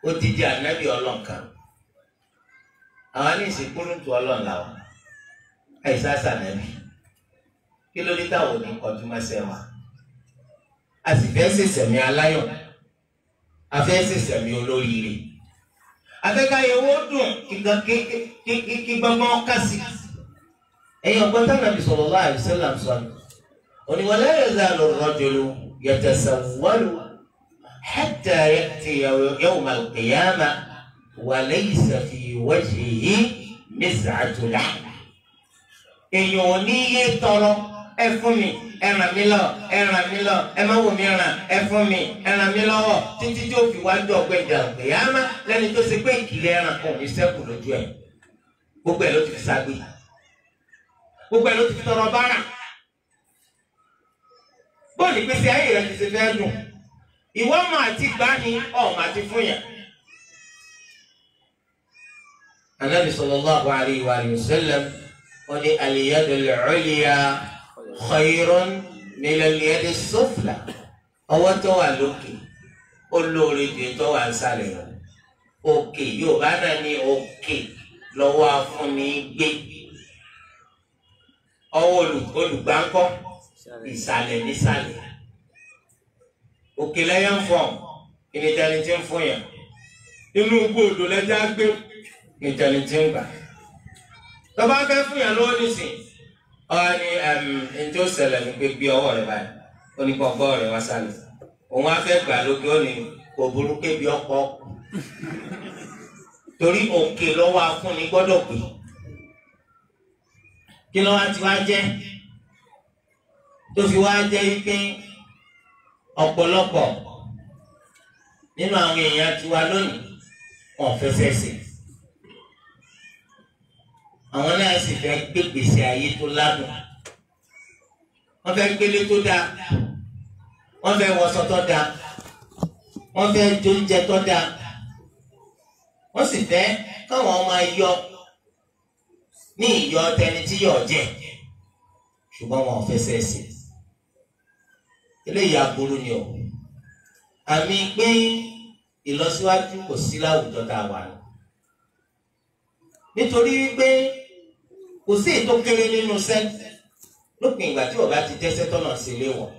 [SPEAKER 1] ó ti jẹ ànábì ọlọ́run kan àwọn aníṣe kúrúntù ọlọ́run làwọn àìsàn sànẹ́bí kí ló dé táwọn òní kọjú mọ́sẹ̀ wa a sì fẹ́ ṣèṣẹ̀mí aláyọ̀ a fẹ́ ṣèṣẹ̀mí olóríire afẹ́ká yẹwò dùn kí gbọ́ngbọ́n kásì. ẹ̀yin ọgbọ́n táwọn àbí sallallahu alaihi wasallam oníwàlẹ́ ẹ̀dá lọ́rọ́jọ́lù yatasawwalu hatta ya'ti yawm al-qiyamah wa laysa fi wajhihi miz'atu lahm. èèyàn ò tọrọ ẹ ẹ ràn mí lọ ẹ ràn mí lọ ẹ má wò mí ràn ẹ fún mi ẹ ràn mí lọ́wọ́ títí tí O fi wájú ọgbẹ́ ìdàgbé yá má lẹ́ni tó ṣe pé ìkìlẹ̀ ẹran kan ò ní sẹ́kù lójú ẹ̀ gbogbo ẹ̀ ló ti fi ságbé gbogbo ẹ̀ ló ti fi tọrọ bárà bọ́ọ̀lù ìgbésí ayé rẹ ti ṣe fẹ́ dùn ìwọ ọmọ àti gbani ọmọ àti fúnyà. Ànábì sallallahu alaihi wa sallam ó ní al-yadul ulya. خير من اليد السفلى as-sufla ọwọ́ tó wà lókè ó lóore ju tó wà nísàlẹ̀ lọ òkè yorùbá náà ní òkè lọ́wọ́ afúnni gbé ọwọ́ olùgbàńkọ́ ìsàlẹ̀ nísàlẹ̀ òkè lẹ́yìn fọ́ ìnìjẹni tí ń fún yàn inú gbòòdò lẹ́jà gbé ìnìjẹni tí ń gbà tọ́ba fẹ́ fún yàn lọ́wọ́ nísìnyí ọ ní ẹnjẹ ó ṣẹlẹ̀ ní pé gbé ọwọ́ rẹ̀ báyìí ó ní kó ọgbọ rẹ̀ wá sálẹ̀ òun á fẹ́ gbà lókè ó ní kò burú kébi ọkọ torí òkè lọ́wọ́ afúnni gbọ́dọ̀ pè kí ló wá ti wá jẹ́ tó fi wá jẹ́ pé ọ̀pọ̀lọpọ̀ nínú àwọn èèyàn tiwa lónìí wọn fẹsẹ̀ sè é àwọn náà sì fẹ́ gbé gbèsè ayé tó ládùn wọ́n fẹ́ gbélé tó dáa wọ́n fẹ́ wọṣọ tó dáa wọ́n fẹ́ jóúnjẹ tó dáa wọ́n sì fẹ́ káwọn ọmọ ayọ̀ ní ìyọ tẹni tí yọ̀ jẹ ṣùgbọ́n wọn ò fẹsẹ̀ sí eléyìí aburú ni o àmì pé ìlọsíwájú kò sí láwùjọ tá a wà nítorí wípé kò sí ètò kéré nínú sẹ́ lópin ìgbà tí ọba ti jẹ́sẹ́ tọ́nà sí ilé wọ̀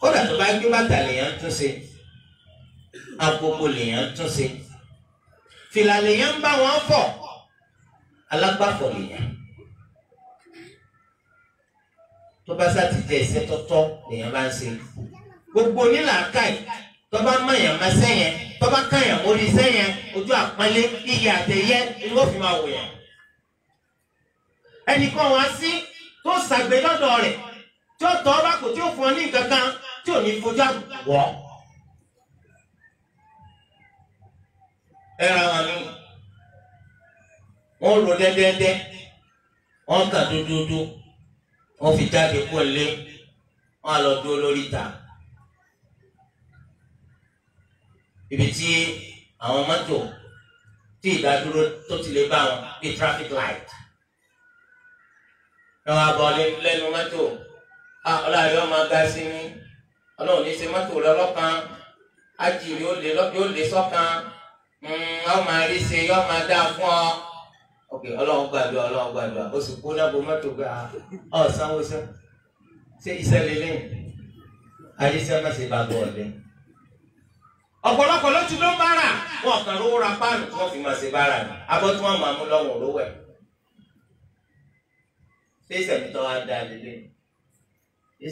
[SPEAKER 1] kódà tó bá gbé bàtà lèèyàn tún ṣe agogo lèèyàn tún ṣe fìlà lèèyàn bá wọn fọ̀ alágbàfọ̀ lèèyàn tó bá sá ti jẹ iṣẹ́ tọ́tọ́ lèèyàn bá ń ṣe gbogbo onílàákàyè tó bá mọ̀yàn máa sẹ́yìn tó bá káyàn mórí sẹ́yìn ojú àpọ́nlé iyì àtẹ̀yẹ ni wọ́n fi máa wòyàn ẹnìkan wá sí tó ṣàgbé lọ́dọ̀ rẹ̀ tí ó tọ́ bá tí ó fún ọ ní nǹkan tí ò ní fojú àbùkù wọ́. ẹran wọn ni wọn lò dẹ́dẹ́dẹ́ wọn kà dúdúdú wọn fi jáde kó lé wọn lọ dúró lórí ìta ibi tí àwọn mọ́tò tí ìdádúró tó ti lè bá wọn bíi traffic light ẹ wá bọ̀ lẹ́nu mọ́tò a ọlọ́run yóò máa ga sí mi ọlọ́run ní í ṣe mọ́tò lọ́lọ́kan ajìrì yóò lé sọ́kan yóò hmm, máa rí ṣe yóò máa dáa fún ọ ok ọlọ́run gbàdúrà ọlọ́run gbàdúrà ó sì kú náà bó mọ́tò gbà ọ sanwó sẹ́ ṣé iṣẹ́ lélẹ̀ ayé sẹ́ má ṣe bá gbọ́ ọ̀lẹ́ ọ̀pọ̀lọpọ̀ ló ti ló ń bára wọn kàn ló ra páànù tí wọ́n fi máa ṣe bára ni abọ́ tí wọ́n máa mú lọ́wọ́ lówẹ̀ ṣé ìsẹ̀mí tó wá dáa lélẹ̀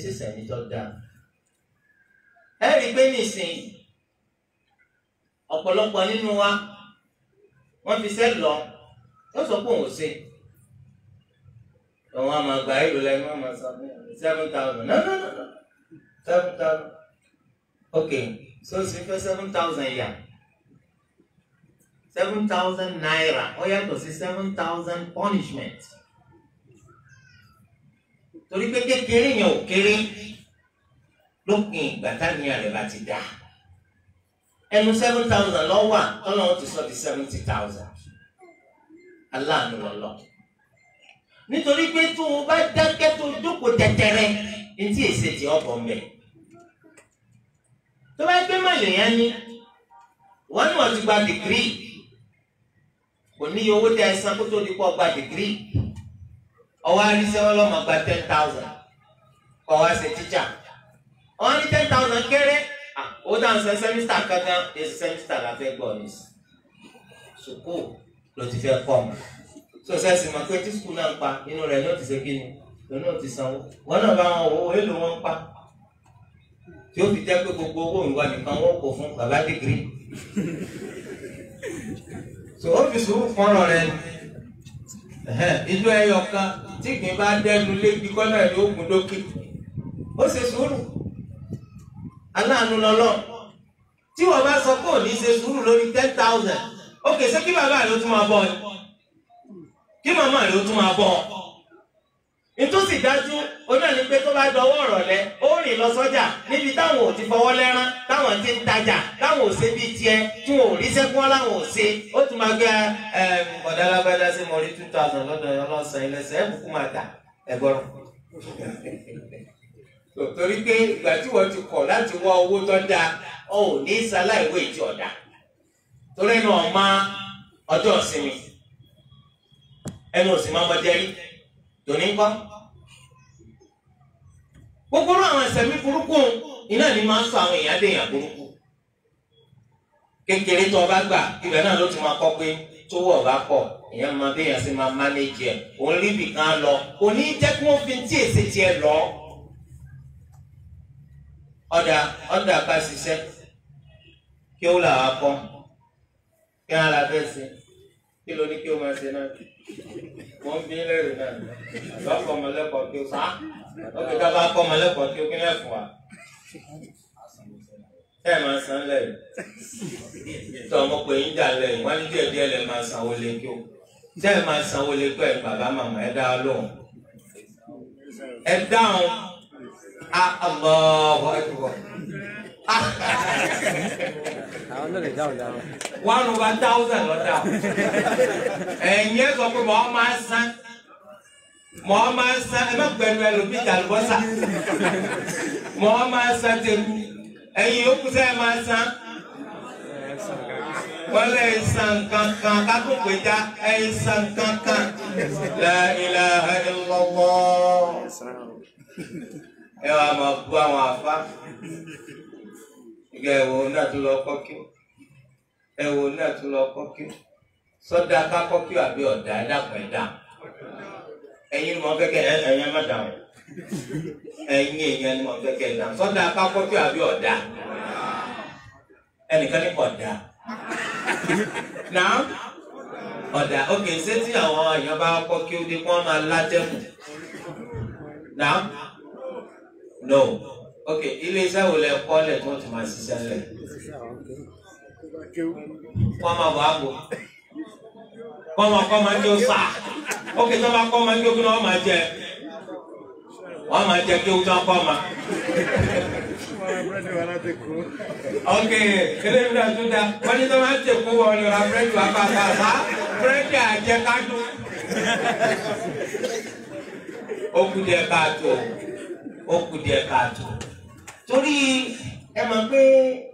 [SPEAKER 1] ṣé ìsẹ̀mí tó dáa. ẹ rí i pé nìsín ọ̀pọ̀lọpọ̀ nínú wa wọ́n fi sẹ́ lọ wọ́n sọ pé òun ṣe òun àmọ́ àgbà ìlú lẹ́nu àmọ́ sọ seven thousand no no no seven thousand ok so sì fẹ́ seven thousand yà seven thousand naira ó yàtọ̀ sí seven thousand punishment torí pé kékeré yẹn ò kéré lópin ìgbà táníyàn rẹ̀ bá ti dá ẹnu seven thousand lọ́wọ́ ọlọ́run ti sọ di seventy thousand aláàánú lọ́lọ́ nítorí pé tó o bá dákẹ́ tó o jókòó tẹ́tẹ́rẹ́ etí èsè tí ọ̀bọ̀ mẹ́ tó bá gbé mọ̀lẹ́ yẹn ni wọ́n ní wọ́n ti gba dìgírì kò níye owó tẹ ẹ san kó tó di pọ̀ gba dìgírì ọwọ́ arísẹ́ ọlọ́mọ gba ten thousand kọ́ wá ṣe tíjà wọ́n ní ten thousand kéré ó dáhùn sẹ́ sẹ́mísítà kankan èsì sẹ́mísítà la fẹ́ gbọ́ ní sùkú ló ti fẹ́ kọ́ ọ̀mọ́ tó sẹ́sì mọ̀ pé tí sùkú náà ń pa inú rẹ̀ ní ó ti ṣe kí ni lónà ó ti sanwó wọn náà bá wọn owó èlò wọn pa tí ó fi jẹ́ pé gbogbo owó ìwà nìkan wọn kò fún bàbá kékeré tó ó fi sùúrù fọ́nrán rẹ̀ ìlú ẹyọ kan tí kì í bá dẹnu lébi kọ́nà ogun lókè ó ṣe sùúrù aláàánú lọ́lọ́ tí wọ́n bá sọ pé òní ṣe sùúrù lórí ten thousand ó kè kí bàbá ó tún máa kí màmá ó tún ìtúsí dájú onáà ní pé tó bá dọwọ́ ọ̀rọ̀lẹ́ ó rìn lọ sọ́jà níbi táwọn ò ti fọwọ́ lẹ́rán táwọn ti ń tajà táwọn ò ṣe bíi tiẹ̀ tí wọn ò rí sẹ́kún láwọn ò ṣe ó tún máa gbé ẹ ọ̀dà alágbádá sí two thousand lọ́dọ̀ ọlọ́sàn ẹ̀ bùkún máa tà torí pé ìgbà tí wọ́n ti kọ̀ láti wá owó tó dáa torí ẹnu tòní ń kọ́. gbogbo àwọn ẹsẹ̀mí burúkú iná ni máa ń sọ àwọn èèyàn déèyàn burúkú. kékeré tó o bá gbà ibẹ̀ náà ló ti máa kọ́ pé tówó ọ̀bá pọ̀ èèyàn máa béèyàn sí máa mánéjì ẹ̀ òun rí ibìkan lọ kò ní jẹ́ kí wọ́n fi tí èsì tiẹ̀ lọ. ọ̀dà ọ̀dà bá ṣiṣẹ́ kí ó là wá kọ́ kí á la fẹ́ ṣe kí ló ní kí ó máa ṣe náà mo ń bí lẹ́rìí náà bá kọ́ ọmọ lẹ́kọ̀ọ́ kí o sá ó ti ká bá kọ́ ọmọ lẹ́kọ̀ọ́ kí o kí lẹ́fọ̀ wa ẹ máa san lẹ́yìn tó ọmọ pé yín dà lẹ́yìn wọ́n ní díẹ̀ díẹ̀ lẹ́ máa sanwó lé kí o tẹ́ ẹ máa sanwó lé pẹ́ bàbá màmá ẹ dá lóhùn ẹ dáhùn á àlọ́ ọ̀hún ẹ̀kọ́ àwọn náà lè dáhùn one over thousand lọ́dà ẹ̀yìn ẹ̀ sọ pé mọ̀ ọ́ máa ń san mọ̀ ọ́ máa ń san ẹ má gbẹnu ẹ lómi ìdàlùbọ́sà mọ̀ ọ́ máa ń san tèmi ẹ̀yìn yòókù sẹ́ ẹ máa ń la ilaha illallah ẹ wàá máa bú ìgbà ẹ̀wọ̀ náà tó lọ kọ́ kí ó ẹ̀wọ̀ náà tó lọ kọ́ kí ó sọ́dà ká kọ́ kí ó àbí ọ̀dà ẹ̀dàpọ̀ ẹ̀dà ẹ̀yin ni mo fẹ́ kẹ́ ẹ̀yin ẹ̀ má dà wọ̀ ẹ̀yin èèyàn ni mo fẹ́ kẹ́ ẹ̀dà sọ́dà ká kọ́ kí ó àbí ọ̀dà ẹnìkan ní ọ̀dà náà ọ̀dà òkè ṣé tí àwọn èèyàn bá kọ́ dé kí wọ́n máa látẹ̀kù náà no ok ilé iṣẹ́ wo lẹ kọ́ lẹ̀ tó ti máa ṣiṣẹ́ lẹ̀ kọ́ máa bọ̀ àbò kọ́ máa kọ́ máa jó sá ok tó máa kọ́ máa jó kí ni wọ́n máa jẹ wọ́n máa jẹ kí wọ́n kọ́ máa. ok kílẹ̀ mi náà tún dá wọ́n ní tó máa ń tẹ̀kú wọ́n ní ra búrẹ́dì wá bá bá bá búrẹ́dì àjẹkádùn ó kú díẹ̀ káàtó ó kú díẹ̀ káàtó torí ẹ mọ̀ pé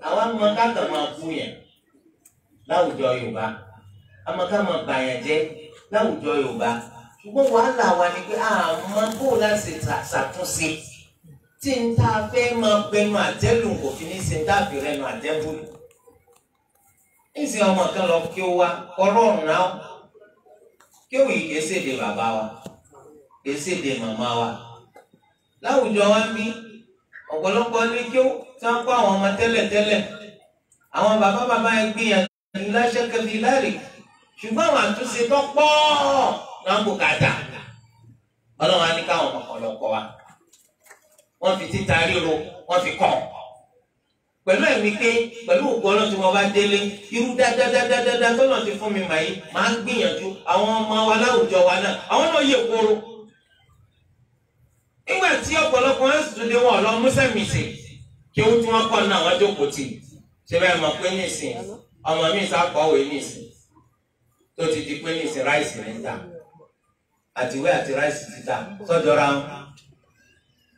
[SPEAKER 1] àwọn ọmọ káàkà máa fún yẹn láwùjọ yorùbá àmọ́ ká máa bàyàn jẹ́ láwùjọ yorùbá ṣùgbọ́n wàhálà wa ni pé àmọ́ bó láti ṣàtúnṣe tí n ta fẹ́ máa gbẹnu àtẹ́lù kò fi ní ṣe dábì rẹnu àtẹ́lù ìsìn ọmọ kan lọ kí ó wá ọlọ́run náà kí òun yìí kéṣèdè bàbá wa kéṣèdè màmá wa láwùjọ wa ń bí ọ̀pọ̀lọpọ̀ ní kí ó tí wọ́n kọ́ àwọn ọmọ tẹ́lẹ̀tẹ́lẹ̀ àwọn bàbá bàbá yẹn gbìyànjú láṣẹ kẹfì láre ṣùgbọ́n àwọn àtúnṣe tó pọ̀ náà kò kàdà ọlọ́run á ní káwọn ọ̀pọ̀lọpọ̀ wa wọ́n fi títa ríro wọ́n fi kọ́ pẹ̀lú ẹ̀mí pé pẹ̀lú òkú ọlọ́run tí wọ́n bá délé irú dáadáa tọ́lọ̀ ti fún mi màá yìí màá gbìyànjú àwọn ọmọ wa láwùjọ wa náà àwọn náà yẹ kóró nígbà tí ọ̀pọ̀lọpọ̀ ẹ̀ sùn dé wọn lọ músẹ̀mísì kí ohun tí wọ́n kọ́ náà wọ́n jókòó tì ṣe bẹ́ẹ̀ mọ̀ pé nísìn ọmọ mi sàkọ̀wé nísìn tó ti di pé nísìn ráìsì rẹ̀ ń tà àtiwé àti ráìsì títà sọ́jọ́ra wọn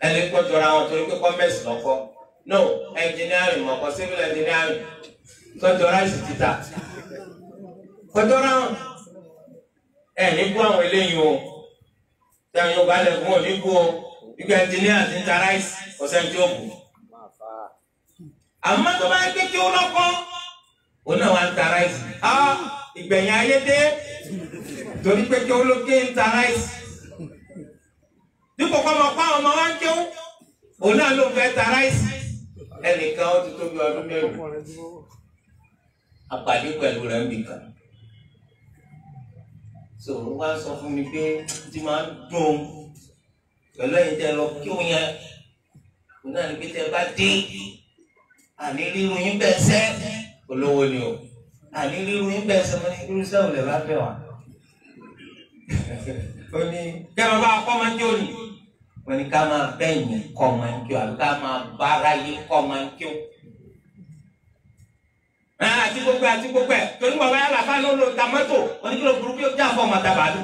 [SPEAKER 1] ẹni kọjọra wọn torí pé kọ́mẹ́sì lọ́kọ́ no engineering mọ̀kọ́ civil engineering sọ́jọ́ ráìsì títà kọjọra wọn ẹ̀ ní bú àwọn eléyìí o tẹ̀yìn ọba lẹ̀ fún òní ikú ẹnjìníà ti ń ta ráìsì ọ̀sẹ̀ tí ó bù. àmọ́ tó bá ń gbé kí ó lọ́kọ́ òun náà wà ń ta ráìsì. á ìgbẹ̀yìn ayé dé torí pé kí ó ló gé ń ta ráìsì. dípò kọ́mọ pa ọmọ wa ń ké ó òun náà ló fẹ́ ta ráìsì. ẹnìkan ó ti tóbi ọdún mẹ́rin. apàdé pẹ̀lú rẹ̀ ń bìkan sòrò wá sọ fún mi pé tí máa dùn pẹ̀lú ẹ̀yin tẹ́ lọ kí wọn yẹn kò náà níbi tẹ́ bá dé àní rírun yín bẹ́ẹ̀ sẹ́ olówó ni o àní rírun yín bẹ́ẹ̀ sẹ́ mo ní irú sẹ́wọ̀n lè bá bẹ̀ wá. ó ní kẹ́rọ bá kọ́ máa ń jó ni wọ́n ní ká máa bẹ́yìn kọ́ máa ń jó àbí ká máa bára yín kọ́ máa ń jó. àti gbogbo àti gbogbo ẹ̀ torí bàbá yàrá fáwọn olóòtú tàmọ́tò oníkìlọ̀ burúkú yóò já fọ́ ọmọ tàbálù.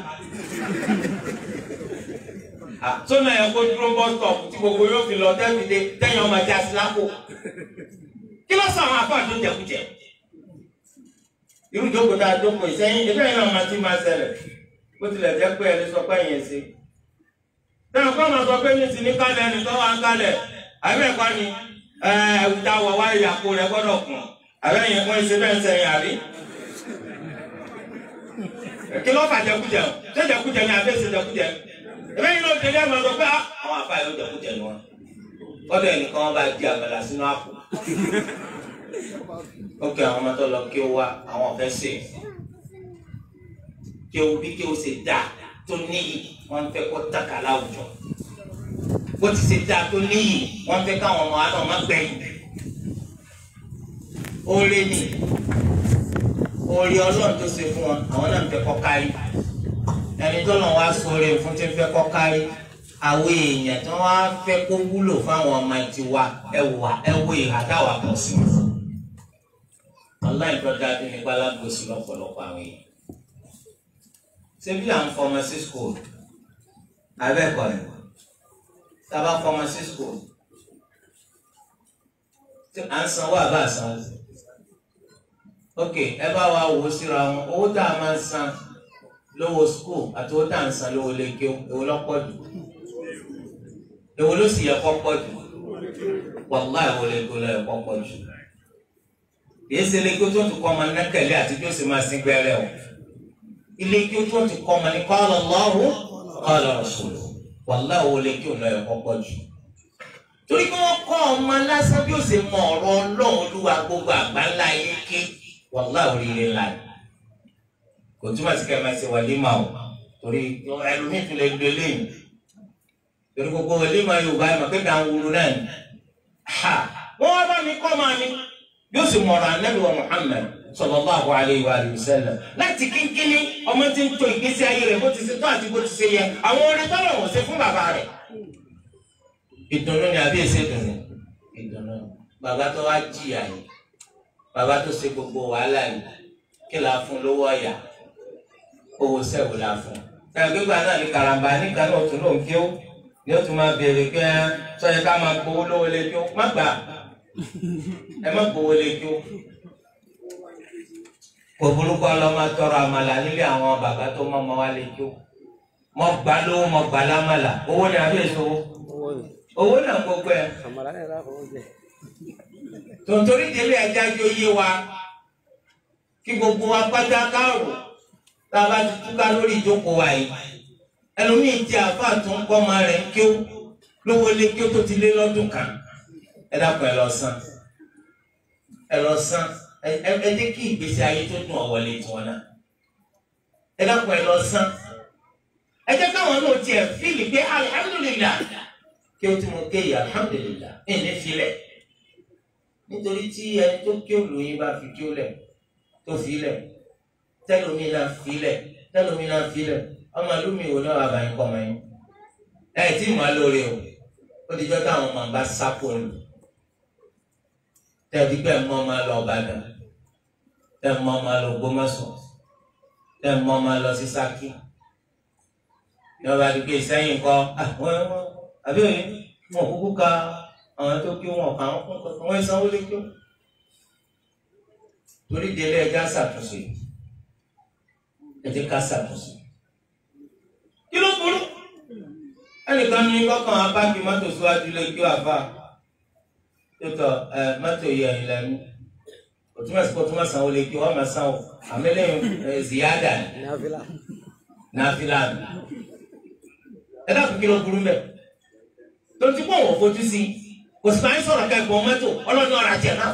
[SPEAKER 1] Ah, sọ́nà yẹn kó dúró bọ́sítọ̀p tí gbogbo yóò fi lọ tẹ́bi dé tẹ́yìn ọmọ ajá sí lápò kí ló sọ àwọn afọ àdó jẹkújẹ irú ìjókòó tá a jókòó ìsẹ́yìn ìfẹ́ yẹn náà máa ti máa ṣẹlẹ̀ bó tilẹ̀ jẹ́ pé ẹni sọ pé ẹ̀yìn ṣe táwọn kọ́ máa sọ pé ní sinmi kálẹ̀ nìkan wà ń kálẹ̀ àbẹ́ ẹ̀kọ́ ni ẹ̀ẹ́dá wọ̀ wá ìyàpò rẹ̀ gbọ́dọ̀ kùn àbẹ́ yẹn kọ́ ìṣe bẹ́ẹ̀ sẹ́yìn àbí kí ló fà jẹkújẹ jẹjẹkújẹ ni àbẹ́ ìṣe jẹkújẹ lẹ́yìn náà délé àmọ́ sọ pé ah, àwọn àbáyọ jẹ̀kú jẹ̀nu wọn ọdọ ẹnìkan wọn bá di àmàlà sínú àpò ok àwọn ọmọ tó lọ kí ó wá àwọn ọ̀fẹ́ sí i kí ó bí kí ó ṣe dá tó níyì wọn fẹ́ kó tàkà láwùjọ bó ti ṣe dá tó níyì wọn fẹ́ káwọn ọmọ àná má gbẹ̀yìn ó lé ní orí ọlọ́run tó ṣe fún wọn àwọn náà ń fẹ́ kọ́ káyì ẹni tó lọ wá sórí fún tí ń fẹ́ kọ́ kárí àwọn èèyàn tí wọ́n á fẹ́ kó wúlò fáwọn ọmọ ìtì wa ẹwà ẹwọ ìhà táwa bọ̀ sí i. ọláìtọ́ dájú nípa alágbèsè lọ́pọ̀lọpọ̀ àwọn èèyàn. ṣébí à ń fọmọ sí school abẹ́ẹ̀kọ́ ẹ̀ tábà fọmọ sí school à ń sanwó àbá àsanwó. ok ẹ bá wa wò ó síra wọn owó tá a máa san lówó skul àti owó tàǹsán lówó lẹ́kẹ́ èwo lọ́pọ̀ jù èwo ló sì yẹ kọ́pọ̀ jù wàláì èwo lẹ́kẹ́ ló yẹ kọ́pọ̀ jù kìí ṣe lẹ́kẹ́ tó ń tukọ̀ ọmọ nẹ́kẹ̀lé àti tó sì máa sí gbẹ́rẹ́ o ilé kí ó tó ń tukọ̀ ọmọ ní kọ́ọ̀lọ̀ lọ́wọ́ kọ́ọ̀lọ̀ ọ̀ṣun wàláì èwo lẹ́kẹ́ ló yẹ kọ́pọ̀ jù torí pé wọ́n kọ́ ọmọ lásán bí ó ṣe mọ ọ̀rọ̀ ọlọ́run olúwa gbogbo àgbáńlá yín ké wàláì oríire láì kò túmọ̀ sí kẹ́mẹ́ sí wàlímà o torí ẹlòmíì tún lè gbé léyìn torí gbogbo wàlímà yorùbá ẹ̀ mọ̀ pé dàn wúru náà ni wọ́n wá bá mi kọ́ máa mi yóò sì mọ̀rọ̀ ànábì wa Muhammad sallallahu alayhi wa sallam láti kínkínní ọmọ tí ń tò ìgbésí ayé rẹ̀ bó ti ṣe tó àti bó ti ṣe yẹ àwọn orin tó lọ́wọ́ ṣe fún bàbá rẹ̀ ìdùnnú ni àbí èsè dùnnú ìdùnnú bàbá tó wá jìyà yìí bàbá tó ṣe gbogbo wàhálà yìí kí làá fún lówó ọ̀yà owó sẹ́wò la fún un. ẹ̀ẹ́dẹ́gbà náà ní karambà nígbà náà tún lóun kí ó ni ó tún máa béèrè pé sọ́yẹ ká máa gbowó lówó lé kí ó má gbà ẹ má gbowó lé kí ó. kò burúkú ọlọ́mọ tọrọ àmàlà nílé àwọn bàbá tó mọ́ ọmọ wa lé kí ó. mo gbà lówó mo gbà lámàlà owó ni àbí èso owó náà gbogbo ẹ. tòǹtòrí délé ẹja jó yé wa kí gbogbo wa pátá káàrò tá a bá ti túká lórí ìjókòó wa yìí ẹlòmíì tí àfa tó ń gbọ́ ọmọ rẹ̀ ń kí ó lówó lé kí ó tó ti lé lọ́dún kan ẹ dàpọ̀ ẹ lọ san ẹ lọ san ẹ jẹ́ kí ìgbésí ayé tó dùn ọ̀wọ́ lè tún ọ náà ẹ dàpọ̀ ẹ lọ san ẹ jẹ́ káwọn náà tiẹ̀ fíìlì pé alihamudulila kí o ti mọ kéèyàn alihamudulila ẹ̀ ní filẹ̀ nítorí tí ẹni tó kí olùyìn bá fi kí ó lẹ̀ tó fi lẹ̀ tẹlomi náà filẹ̀ tẹlomi náà filẹ̀ ọmọ lumi wo náà àbàyè kọmọ yín ẹ tí màá lórí o ó dijọ́ táwọn ọmọ bá sápò ní tẹ̀bí pẹ̀ mọ́ máa lọ Ìbàdàn tẹ̀ mọ́ máa lọ Ògbómọ̀ṣọ́ tẹ̀ mọ́ máa lọ sí Ṣakí yọba àdúgbò Ìṣẹ̀yìn kọ́ ah, àbí òye wọn kúkú ka àwọn tó kí wọn kà wọn sanwó lé kí wọn torí délé ẹja ṣàtúnṣe ẹ jẹ́ ká ṣàtúnṣe kí ló burú ẹnìkan ní kọkàn abáàkì mọ́tò síwájú lè kí àbá tótó ẹ mọ́tò yẹ ẹ̀yìn lẹ́nu òtúmọ̀ sí òtúmọ̀ sanwó lè kí wọ́n máa sanwó àmẹ́lẹ́yìn ẹ ziyada nàfìlà ẹ dákun kí ló burú mẹ́ tó ti pọ̀ wọ́n fojú sí kò sí máa ń sọ̀rọ̀ ká ẹ̀gbọ́n mọ́tò ọlọ́ni ọ̀rọ̀ àti ẹ̀ náà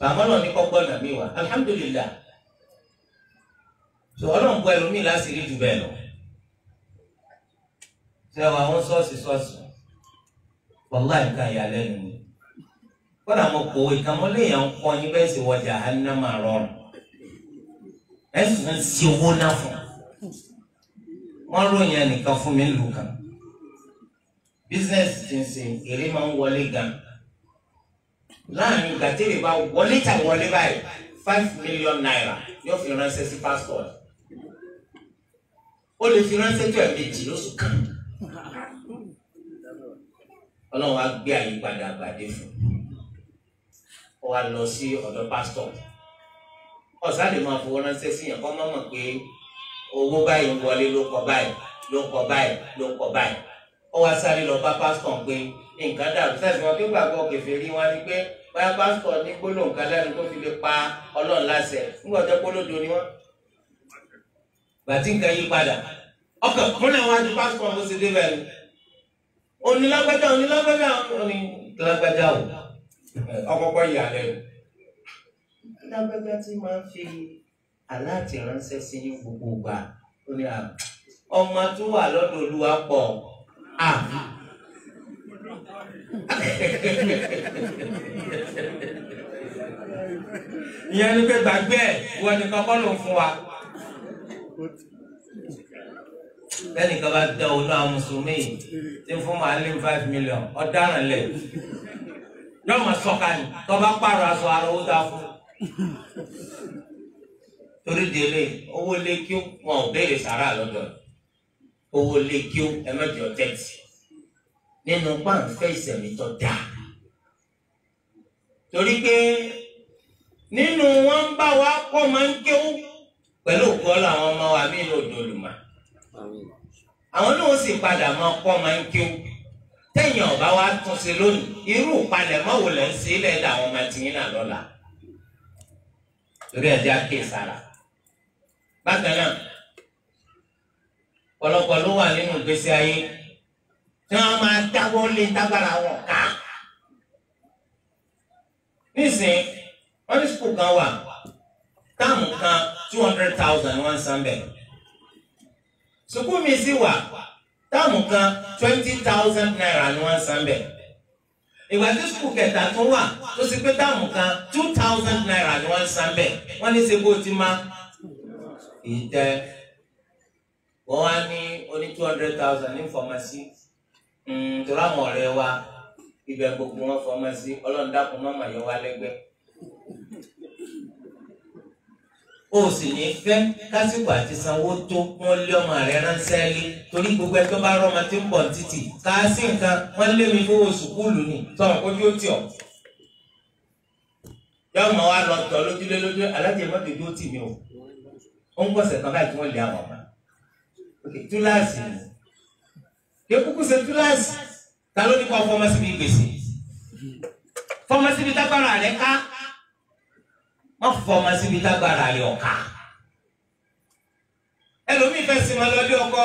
[SPEAKER 1] bàmọ́ náà ní kọ́kọ́ nàmí wa alihamudulilayi so ọlọ́run bọ ẹlòmíì láti rí jù bẹ́ẹ̀ lọ sẹ́wọ̀n àwọn ṣọ́ọ̀ṣì ṣọ́ọ̀ṣì wàlá nǹkan ìyàlẹ́nu ni kọ́nà mo kò ìkàmọ́lé yẹn ń kọ́ yín bẹ́ẹ̀ sì wọjà ánámà rọrùn ẹ sì ń ṣe owó náà fún wọn ròyìn ẹnìkan fún mi lù kan bísíǹsì ti ń ṣe èrè máa ń wọlé gan láàrin gàtẹ́rì bá wọlé tà wọlé báyìí five million naira yóò fi ránṣẹ́ sí pásítọ̀tì ó lè fi ránṣẹ́ tó ẹ̀ẹ̀mejì lóṣù kan ọlọ́run á gbé àyípadà àgbàdé fún ọ wá lọ sí ọ̀dọ̀ pásítọ̀ ọ̀sán lè máa fowó ránṣẹ́ sí yàn kọ́ mọ́ mọ̀ pé owó báyìí ń wọlé ló kọ báyìí ló kọ báyìí ló kọ báyìí ó wá sáré lọ bá pásítọ̀ pé nǹkan dàrú sẹ́sì wọn pé gbàgbọ́ kẹfẹ́ rí wọn ni pé báyà pásítọ̀ ní gbólóǹkan lẹ́nu tó fi lè pa ọlọ́run láṣẹ nígbà tó polódo ni wọ́n gbàtí nǹkan yí padà ọkọ̀ kúnlẹ̀ wọn ju pásítọ̀ mo ti dé bẹ́ẹ̀ onílágbájá onílágbájá onílágbájá o ọkọ̀kọ̀ yà lẹ́nu. lágbájá tí máa ń fi aláàtì ránṣẹ́ sí ní gbogbo ìgbà ó ní àná ọmọ tó wà lọ́dọ̀ olúwa pọ̀ à. ìyẹn ni pé gbàgbé ẹ̀ wọ́n nìkan kọ́ ló ń fún wa bẹ́ẹ̀ni kan bá dá olú àwọn mùsùlùmí yìí tí ń fún màálí five million ọ̀daràn lẹ̀ yóò máa sọ̀ka ni tó bá pààrọ̀ aṣọ ara ó dá fún torí délé owó lé kí wọn ò béèrè sàrà lọ́dọ̀ owó lé kí ẹ mẹ́jọ tẹ̀sí nínú pàǹfẹ́ ìsẹ̀mí tó dáa torí pé nínú wọn bá wa kọ́ máa ń kéwú pẹ̀lú kọ́ làwọn ọmọ wa mí ló dolùmọ̀ àwọn náà sì padà máa kọ́ máa ń kíw tẹ̀yìn ọ̀bá wa tún ṣe lónìí irú ìpalẹ̀ mọ́wò lẹ́ ń ṣe ilẹ̀ ẹ̀dá àwọn ọmọ tìyín náà lọ́la torí ẹ̀dá kè sára bákan náà pọ̀lọpọ̀ ló wà nínú ìgbésí ayé tí wọ́n máa dáwọ́ lé tágbára wọn ká nísìnyí wọ́n ní sùkúù kan wà táàmù kan two hundred thousand wọ́n san bẹ́ẹ̀. sukuu mi sì wà táàmù kan twenty thousand naira ni wọ́n san bẹ́ẹ̀. ìgbà tí sukuu kẹta tó wà tó sì pé táàmù kan two thousand naira ni wọ́n san bẹ́ẹ̀ wọ́n ní sebo ti ma ìtẹ́ wọ́n wá ní oní two hundred thousand ní fọmásì hmm, tó láwọn ọ̀rẹ́ wa ibẹ̀ gbogbo wọn fọmásì ọlọ́run dákun má mà wá lẹ́gbẹ̀ẹ́. o sì ní fẹ́ kásìkò àti sanwó tó wọ́n lé ọmọ rẹ ránṣẹ́ lé torí gbogbo ẹjọ́ bá rọ́mọ tí ń bọ̀ títì káàsì nǹkan wọ́n lé mi fowó sùkúlù ni tọ́wọ́n kójú ó tì ọ́. yọ́ọ́ mọ̀ lọ lójúlé lójú tì mí o ó ń pọ̀sẹ̀ kan báyìí tí wọ́n lé àwọn ọmọ. túláàsì ni yẹ ṣe túláàsì ta ló ní síbi gbèsè fọmọ síbi má fọmọ síbi tágbára rẹ ọ̀ka ẹlòmíì fẹ́ sinmi lọ́dí ọkọ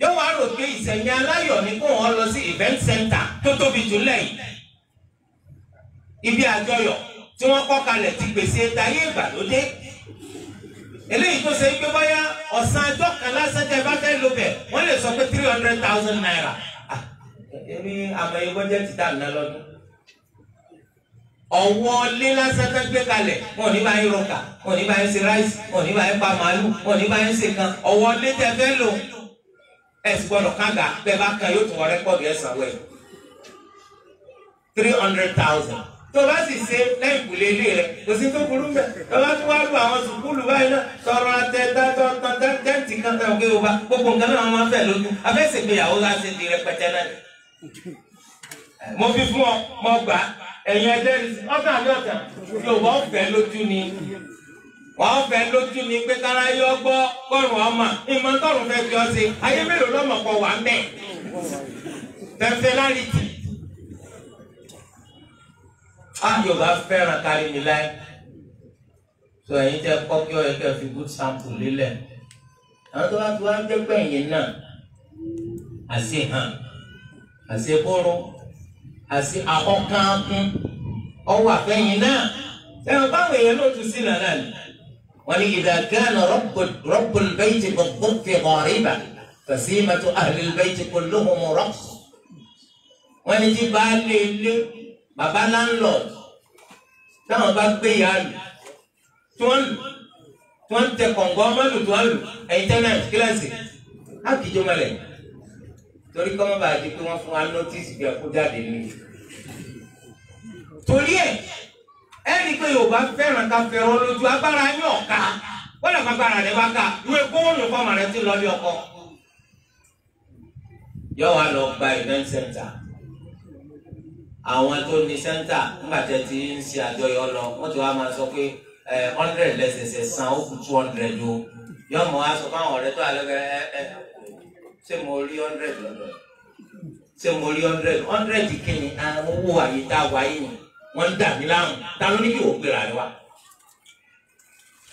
[SPEAKER 1] yóò wá rò pé ìsẹ̀yìn aláyọ̀ ni kó wọn lọ sí event center tó tóbi jù lẹ́yìn ibi àjọyọ̀ tí wọ́n kọ́ kalẹ̀ ti gbèsè dayé ìgbàlódé eléyìí tó ṣe é gbé báyà ọ̀sán ẹjọ́ kan lásán bá fẹ́ lo bẹ̀ wọ́n lè sọ pé three hundred thousand naira ẹ̀mí ah, àmọ̀ ẹ̀yẹ bọ́jẹ́ ti dà ná lọ́dún ọ̀wọ́ lé lásán tó gbé kalẹ̀ wọn ò ní bá yín rọkà wọn ò ní bá yín ṣe ráìsì wọn ò ní bá yín pa màálù wọn ò ní bá yín ṣe kan ọ̀wọ́ lé tẹ fẹ́ lò ẹ̀ sì gbọ́dọ̀ kága bẹ́ẹ̀ bá kan yóò tún wọ rẹ́kọ̀dù ẹ̀ wẹ̀ three hundred thousand tó bá sì ṣe lẹ́yìn kùlé ilé rẹ̀ kò sí tó burú mẹ́ tó bá tún wá lu àwọn sùkúlù báyìí náà tọrọ àtẹ tẹ́ǹtì kan tẹ̀ ọ̀gẹ́ yorùbá gbogbo nǹkan náà máa ń fẹ́ lójú afẹ́sẹ̀gbéyàwó láti di rẹpẹtẹ náà mo fi fún ọ mo gbà ẹ̀yin ẹlẹ́rìí sí ọ̀tàn àbí ọ̀tàn Yorùbá ń fẹ́ lójú ni wàá fẹ́ lójú ni pé kára yọ gbọ́ kọ́rùn ọmọ ìmọ̀ tọrùn fẹ́ fi ọ sí ayé mélòó lọ́mọ kọ wà ń bẹ̀ tẹ̀sílárìtì. a Yorùbá fẹ́ràn kárí ni láì tó ẹ̀yin tẹ kọ́ kí ọ̀yẹ́ kẹ́ fi good sample lélẹ̀ àwọn tó bá ti wá ń gbẹ́gbẹ́ yìí náà àṣehàn àṣebọ́rọ́ àti akọ́kànkún ọwọ́ àfẹ́yìn náà ẹ̀rọ báwọn èèyàn náà tún sí nàrà ni wọ́n ní ìdàgánà rọ́bùn bẹ́ẹ̀tì gbọ̀ngbọ̀n fi gọ̀ọ̀rìbà fàṣímàtò àhìlì bẹ́ẹ̀tì kulluhum rọ́b. wọ́n ní tí baálé ilé bàbá landlord táwọn bá gbé yàrá lù tí wọ́n tẹ kọ̀ǹgọ́ ọmọ lù tí tẹ́lẹ̀ kíláàsì á kìjọ́ mọ́lẹ̀ yìí torí kọ́ mọ́ bàa di pé wọ́n fún wa notice bí ẹkú jáde ní. torí ẹ ẹni pé yorùbá fẹ́ràn ká fẹ́ràn lójú agbára yín ọ̀ka wọ́n lè fagbára rẹ̀ wá ká ìwé gbówónù fọ́ọ̀mù rẹ̀ ti lọ́ọ́ lé ọkọ. yọ wá lọ gba event center àwọn tó ní center nígbà tẹ́ ti ń ṣe àjọyọ̀ lọ wọ́n ti wá máa sọ pé hundred lẹ́sẹ̀sẹ̀ san ó kù two hundred o yọ mọ̀ wá sọ fún àwọn ọ̀rẹ́ tó àlọ́ ṣé mo rí hundred lọ́dọ̀ ṣé mo rí hundred hundred kìíní àwọn owó àyè tá a wà yìí ni wọ́n ń dà mí láàmú ta ló ní kí wò pèrà rẹ wá.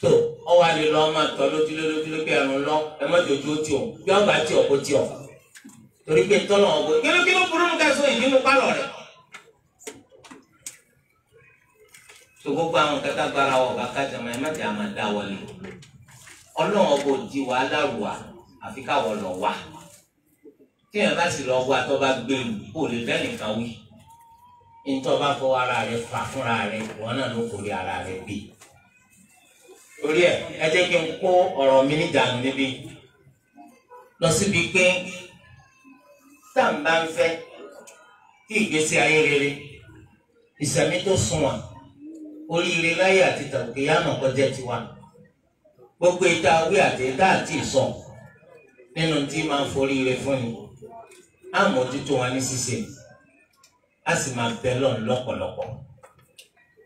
[SPEAKER 1] tó ọwọ́ àlè lọ́ máa tọ́ lójúlé lójúlé pé ẹ̀rùn lọ ẹ má jòjú ó ti ọ̀ bí ọba ti ọ̀ kó ti ọ̀ torí pé tọ́lọ̀ ọ̀gbọ́n kí ló kí ló burú mu kẹ́sọ̀ ìdínú pálọ̀ rẹ̀. tó gbogbo àwọn kẹta gbára wọn bá kájà máa ẹ má jẹ àmà dá wọlé ọlọ́run ọba ò di wàhálà rù wá àfi káwọ lọ wá téèyàn bá sì lọ wá tó bá gbèrú kó lè fẹ́ nìkan wí ntọ́ bá fọ ara rẹ fà fúnra rẹ wọn náà ló kórè ara rẹ bí. orí ẹ ẹ jẹ́ kí n kó ọ̀rọ̀ mi níjànú níbí lọ síbi pé tá n bá ń fẹ́ kí ìgbésí ayé rere ìsẹ̀mí tó sunwọ̀n oríire láyé àti tàbùkìyàmọ̀ kọjá tiwa gbogbo ìta awé àti ìta àti ìsọ̀ nínú tí máa ń foríire fún ni àmójútó wọn ní ṣíṣe a sì máa bẹ lọ́n lọ́pọ̀lọpọ̀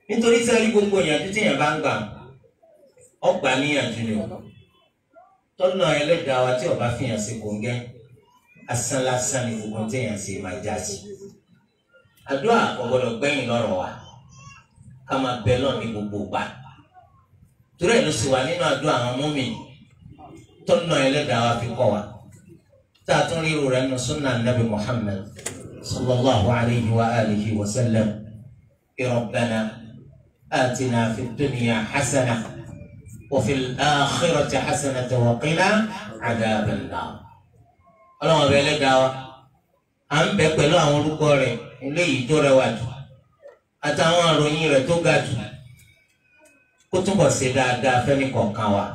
[SPEAKER 1] nítorí sẹ́rí gbogbo ìyànjú tí èèyàn bá ń gbà ọgbà níyànjú ni o tọ́nà ẹlẹ́dàá wa tí ọba fìyàn ṣe kò ń gẹ́ asán lásán ni gbogbo tí èèyàn ṣe máa já sí àdúrà ọ̀gbọ́dọ̀ gbẹ̀yìn lọ́rọ̀ wa ká máa bẹ lọ́n ní gbogbo gbà torí ẹ̀ ló sì wà nínú àdúrà àwọn mùmínì tọ́nà ẹlẹ́dàá wa fi kọ́ wa tààtún ríru rẹ̀ nù sunna nabi muhammad sallallahu alayhi wa alihi wa sallam irọ̀bẹ̀nà àtìnà fi dunya hasana òfi àkírọ̀tì hasana tawakina àdàbẹ̀nà. ọlọ́run ọbẹ̀ ẹlẹ́dàá wa à ń bẹ pẹ̀lú àwọn orúkọ rẹ̀ eléyìí tó rẹwà jù àtàwọn àròyìn rẹ̀ tó ga jù kó túbọ̀ ṣe dáadáa fẹ́ni kọ̀ọ̀kan wa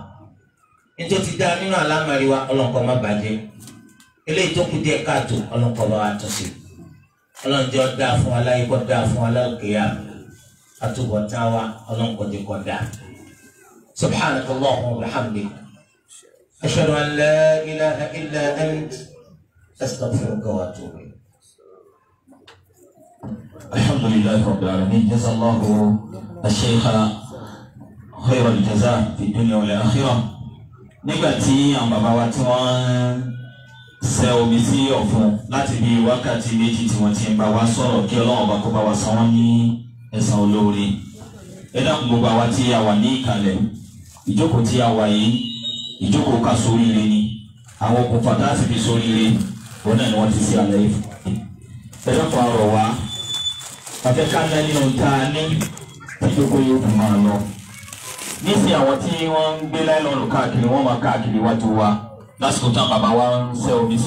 [SPEAKER 1] nítorí ti dá nínú àlámọ̀rí wa ọlọ́nkọ́ má bàjẹ́ eléyìí tó kù díẹ̀ káàtó ọlọ́nkọ́ba wa tún sí ọlọ́njẹ́ ọ̀dà fún wa láyé kọ́ dà fún wa lálùkìyà àtúbọ̀tá wa ọlọ́nkọ́dé kọ́ dà subhanaka allahumma wa bihamdika ashhadu an la ilaha illa ant astaghfiruka wa atubu الحمد لله رب العالمين جزا الله الشيخ خير الجزاء في الدنيا والآخرة. nígbà tí àwọn bàbá sẹ omi sí ọ̀fun láti bí wákàtí méjì tí wọ́n ti ń bá wa sọ̀rọ̀ kí ọlọ́run bá kó bá wa san wọ́n ní ẹ̀san olóore ẹ dákun gbogbo àwa tí a wà ní ìkàlẹ̀ ìjókòó tí a wà yìí ìjókòó ká sóríire ni àwọn okùnfà tá fi sóríire òun náà ni wọ́n ti ṣe àlẹ́ yìí fún mi ẹ dákun àrọ̀ wá afẹ́ká ńlá nínú tá a ní tí gbogbo yóò fún máa lọ nísìnyí àwọn tí wọ́n ń gbé láìlọ́nù káàkiri wọ́n máa káàkiri wájú wa. Tuwa lásìkò táwọn bàbá wa ń sẹ́ omi sí.